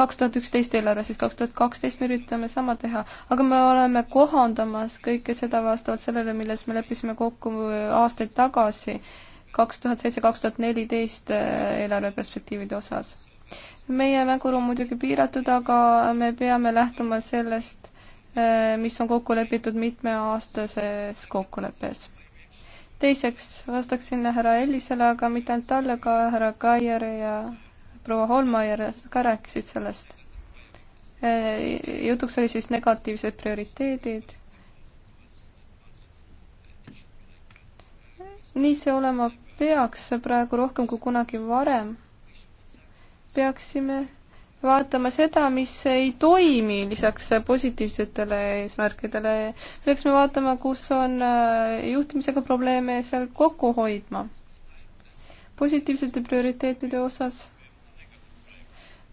Speaker 1: kaks tuhat üksteist eelarve, siis kaks tuhat kaksteist me üritame sama teha, aga me oleme kohandamas kõike seda vastavalt sellele, milles me leppisime kokku aastaid tagasi, kaks tuhat seitse, kaks tuhat neliteist eelarve perspektiivide osas meie mänguruum muidugi piiratud, aga me peame lähtuma sellest, eh, mis on kokku lepitud mitmeaastases kokkuleppes. teiseks vastaksin härra Ellisele, aga mitte ainult talle, ka härra Kaier ja proua Holmaier ka rääkisid sellest. Eh, jutuks oli siis negatiivsed prioriteedid. nii see olema peaks praegu rohkem kui kunagi varem peaksime vaatama seda, mis ei toimi lisaks positiivsetele eesmärkidele. peaksime vaatama, kus on äh, juhtimisega probleeme ja seal kokku hoidma. positiivsete prioriteetide osas.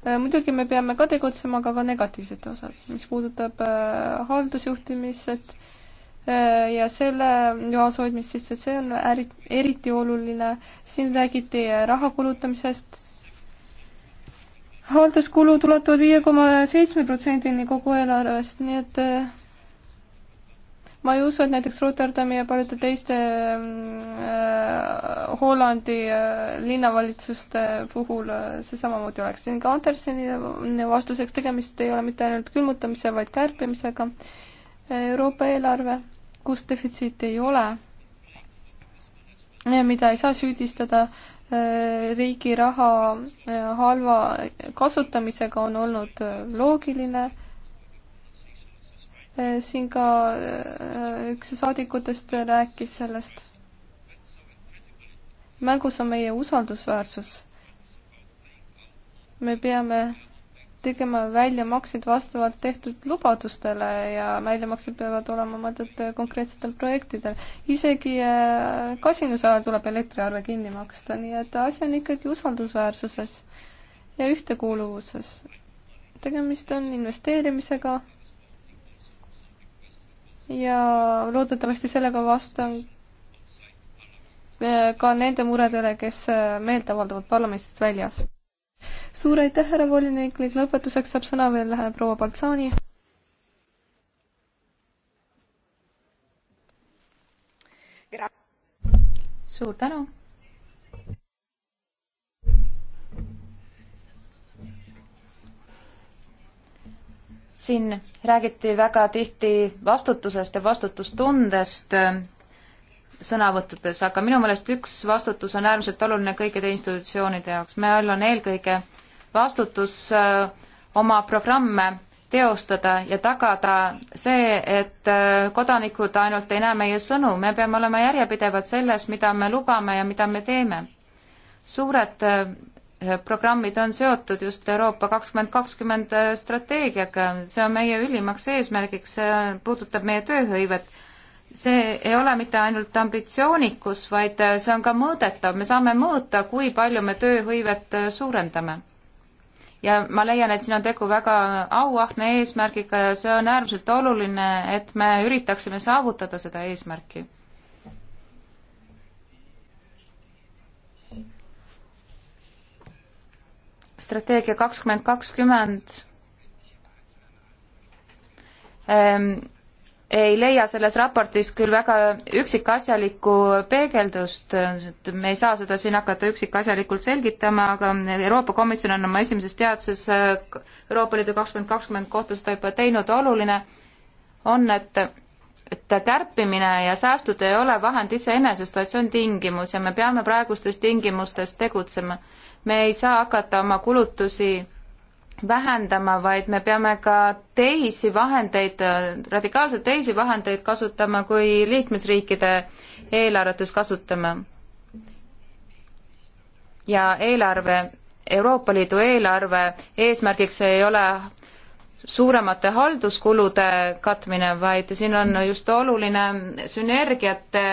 Speaker 1: Äh, muidugi me peame ka tegutsema, aga ka negatiivsete osas, mis puudutab äh, haldusjuhtimist ja selle joas hoidmist, sest see on eriti oluline. siin räägiti raha kulutamisest halduskulud ulatuvad viie koma seitsme protsendini kogu eelarvest, nii et äh, ma ei usu, et näiteks Rotterdami ja paljude teiste äh, Hollandi äh, linnavalitsuste puhul äh, see samamoodi oleks. siin ka Anderseni vastuseks tegemist ei ole mitte ainult külmutamise, vaid kärpimisega. Euroopa eelarve, kus defitsiiti ei ole, mida ei saa süüdistada Äh, riigi raha äh, halva kasutamisega on olnud äh, loogiline. siin ka üks saadikutest rääkis sellest. mängus on meie usaldusväärsus. me peame tegema väljamakseid vastavalt tehtud lubadustele ja väljamaksed peavad olema mõeldud konkreetsetel projektidel. isegi äh, kasinuse ajal tuleb elektriarve kinni maksta, nii et asi on ikkagi usaldusväärsuses ja ühtekuuluvuses. tegemist on investeerimisega ja loodetavasti sellega vastan äh, ka nende muredele, kes äh, meelt avaldavad parlamendist väljas suur aitäh, härra volinik ning lõpetuseks saab sõna veel proua Baltsaani.
Speaker 3: suur tänu. siin räägiti väga tihti vastutusest ja vastutustundest sõnavõttudes, aga minu meelest üks vastutus on äärmiselt oluline kõikide institutsioonide jaoks. meil on eelkõige vastutus äh, oma programme teostada ja tagada see, et äh, kodanikud ainult ei näe meie sõnu, me peame olema järjepidevad selles, mida me lubame ja mida me teeme. suured äh, programmid on seotud just Euroopa kakskümmend kakskümmend strateegiaga, see on meie ülimaks eesmärgiks, see puudutab meie tööhõivet see ei ole mitte ainult ambitsioonikus, vaid äh, see on ka mõõdetav, me saame mõõta, kui palju me tööhõivet äh, suurendame. ja ma leian, et siin on tegu väga auahne eesmärgiga ja see on äärmiselt oluline, et me üritaksime saavutada seda eesmärki. strateegia kakskümmend kakskümmend ehm, ei leia selles raportis küll väga üksikasjalikku peegeldust, et me ei saa seda siin hakata üksikasjalikult selgitama, aga Euroopa Komisjon on oma esimeses teadses Euroopa Liidu kakskümmend kakskümmend kohta seda juba teinud, oluline on, et et kärpimine ja säästud ei ole vahend iseenesest, vaid see on tingimus ja me peame praegustes tingimustes tegutsema. me ei saa hakata oma kulutusi vähendama, vaid me peame ka teisi vahendeid, radikaalselt teisi vahendeid kasutama, kui liikmesriikide eelarvetes kasutame. ja eelarve, Euroopa Liidu eelarve eesmärgiks ei ole suuremate halduskulude katmine, vaid siin on just oluline sünergiate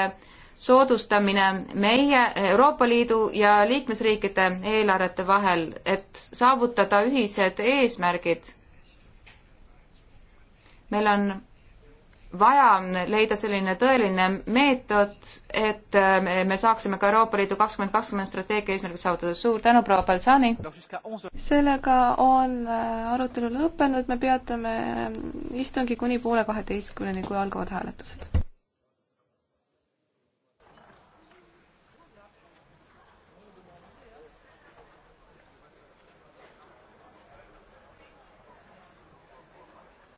Speaker 3: soodustamine meie Euroopa Liidu ja liikmesriikide eelarvete vahel, et saavutada ühised eesmärgid. meil on vaja leida selline tõeline meetod, et me saaksime ka Euroopa Liidu kakskümmend kakskümmend strateegia eesmärgid saavutada. suur tänu, proua Baltsani!
Speaker 1: sellega on äh, arutelu lõppenud, me peatame istungi kuni poole kaheteistkümneni, kui algavad hääletused.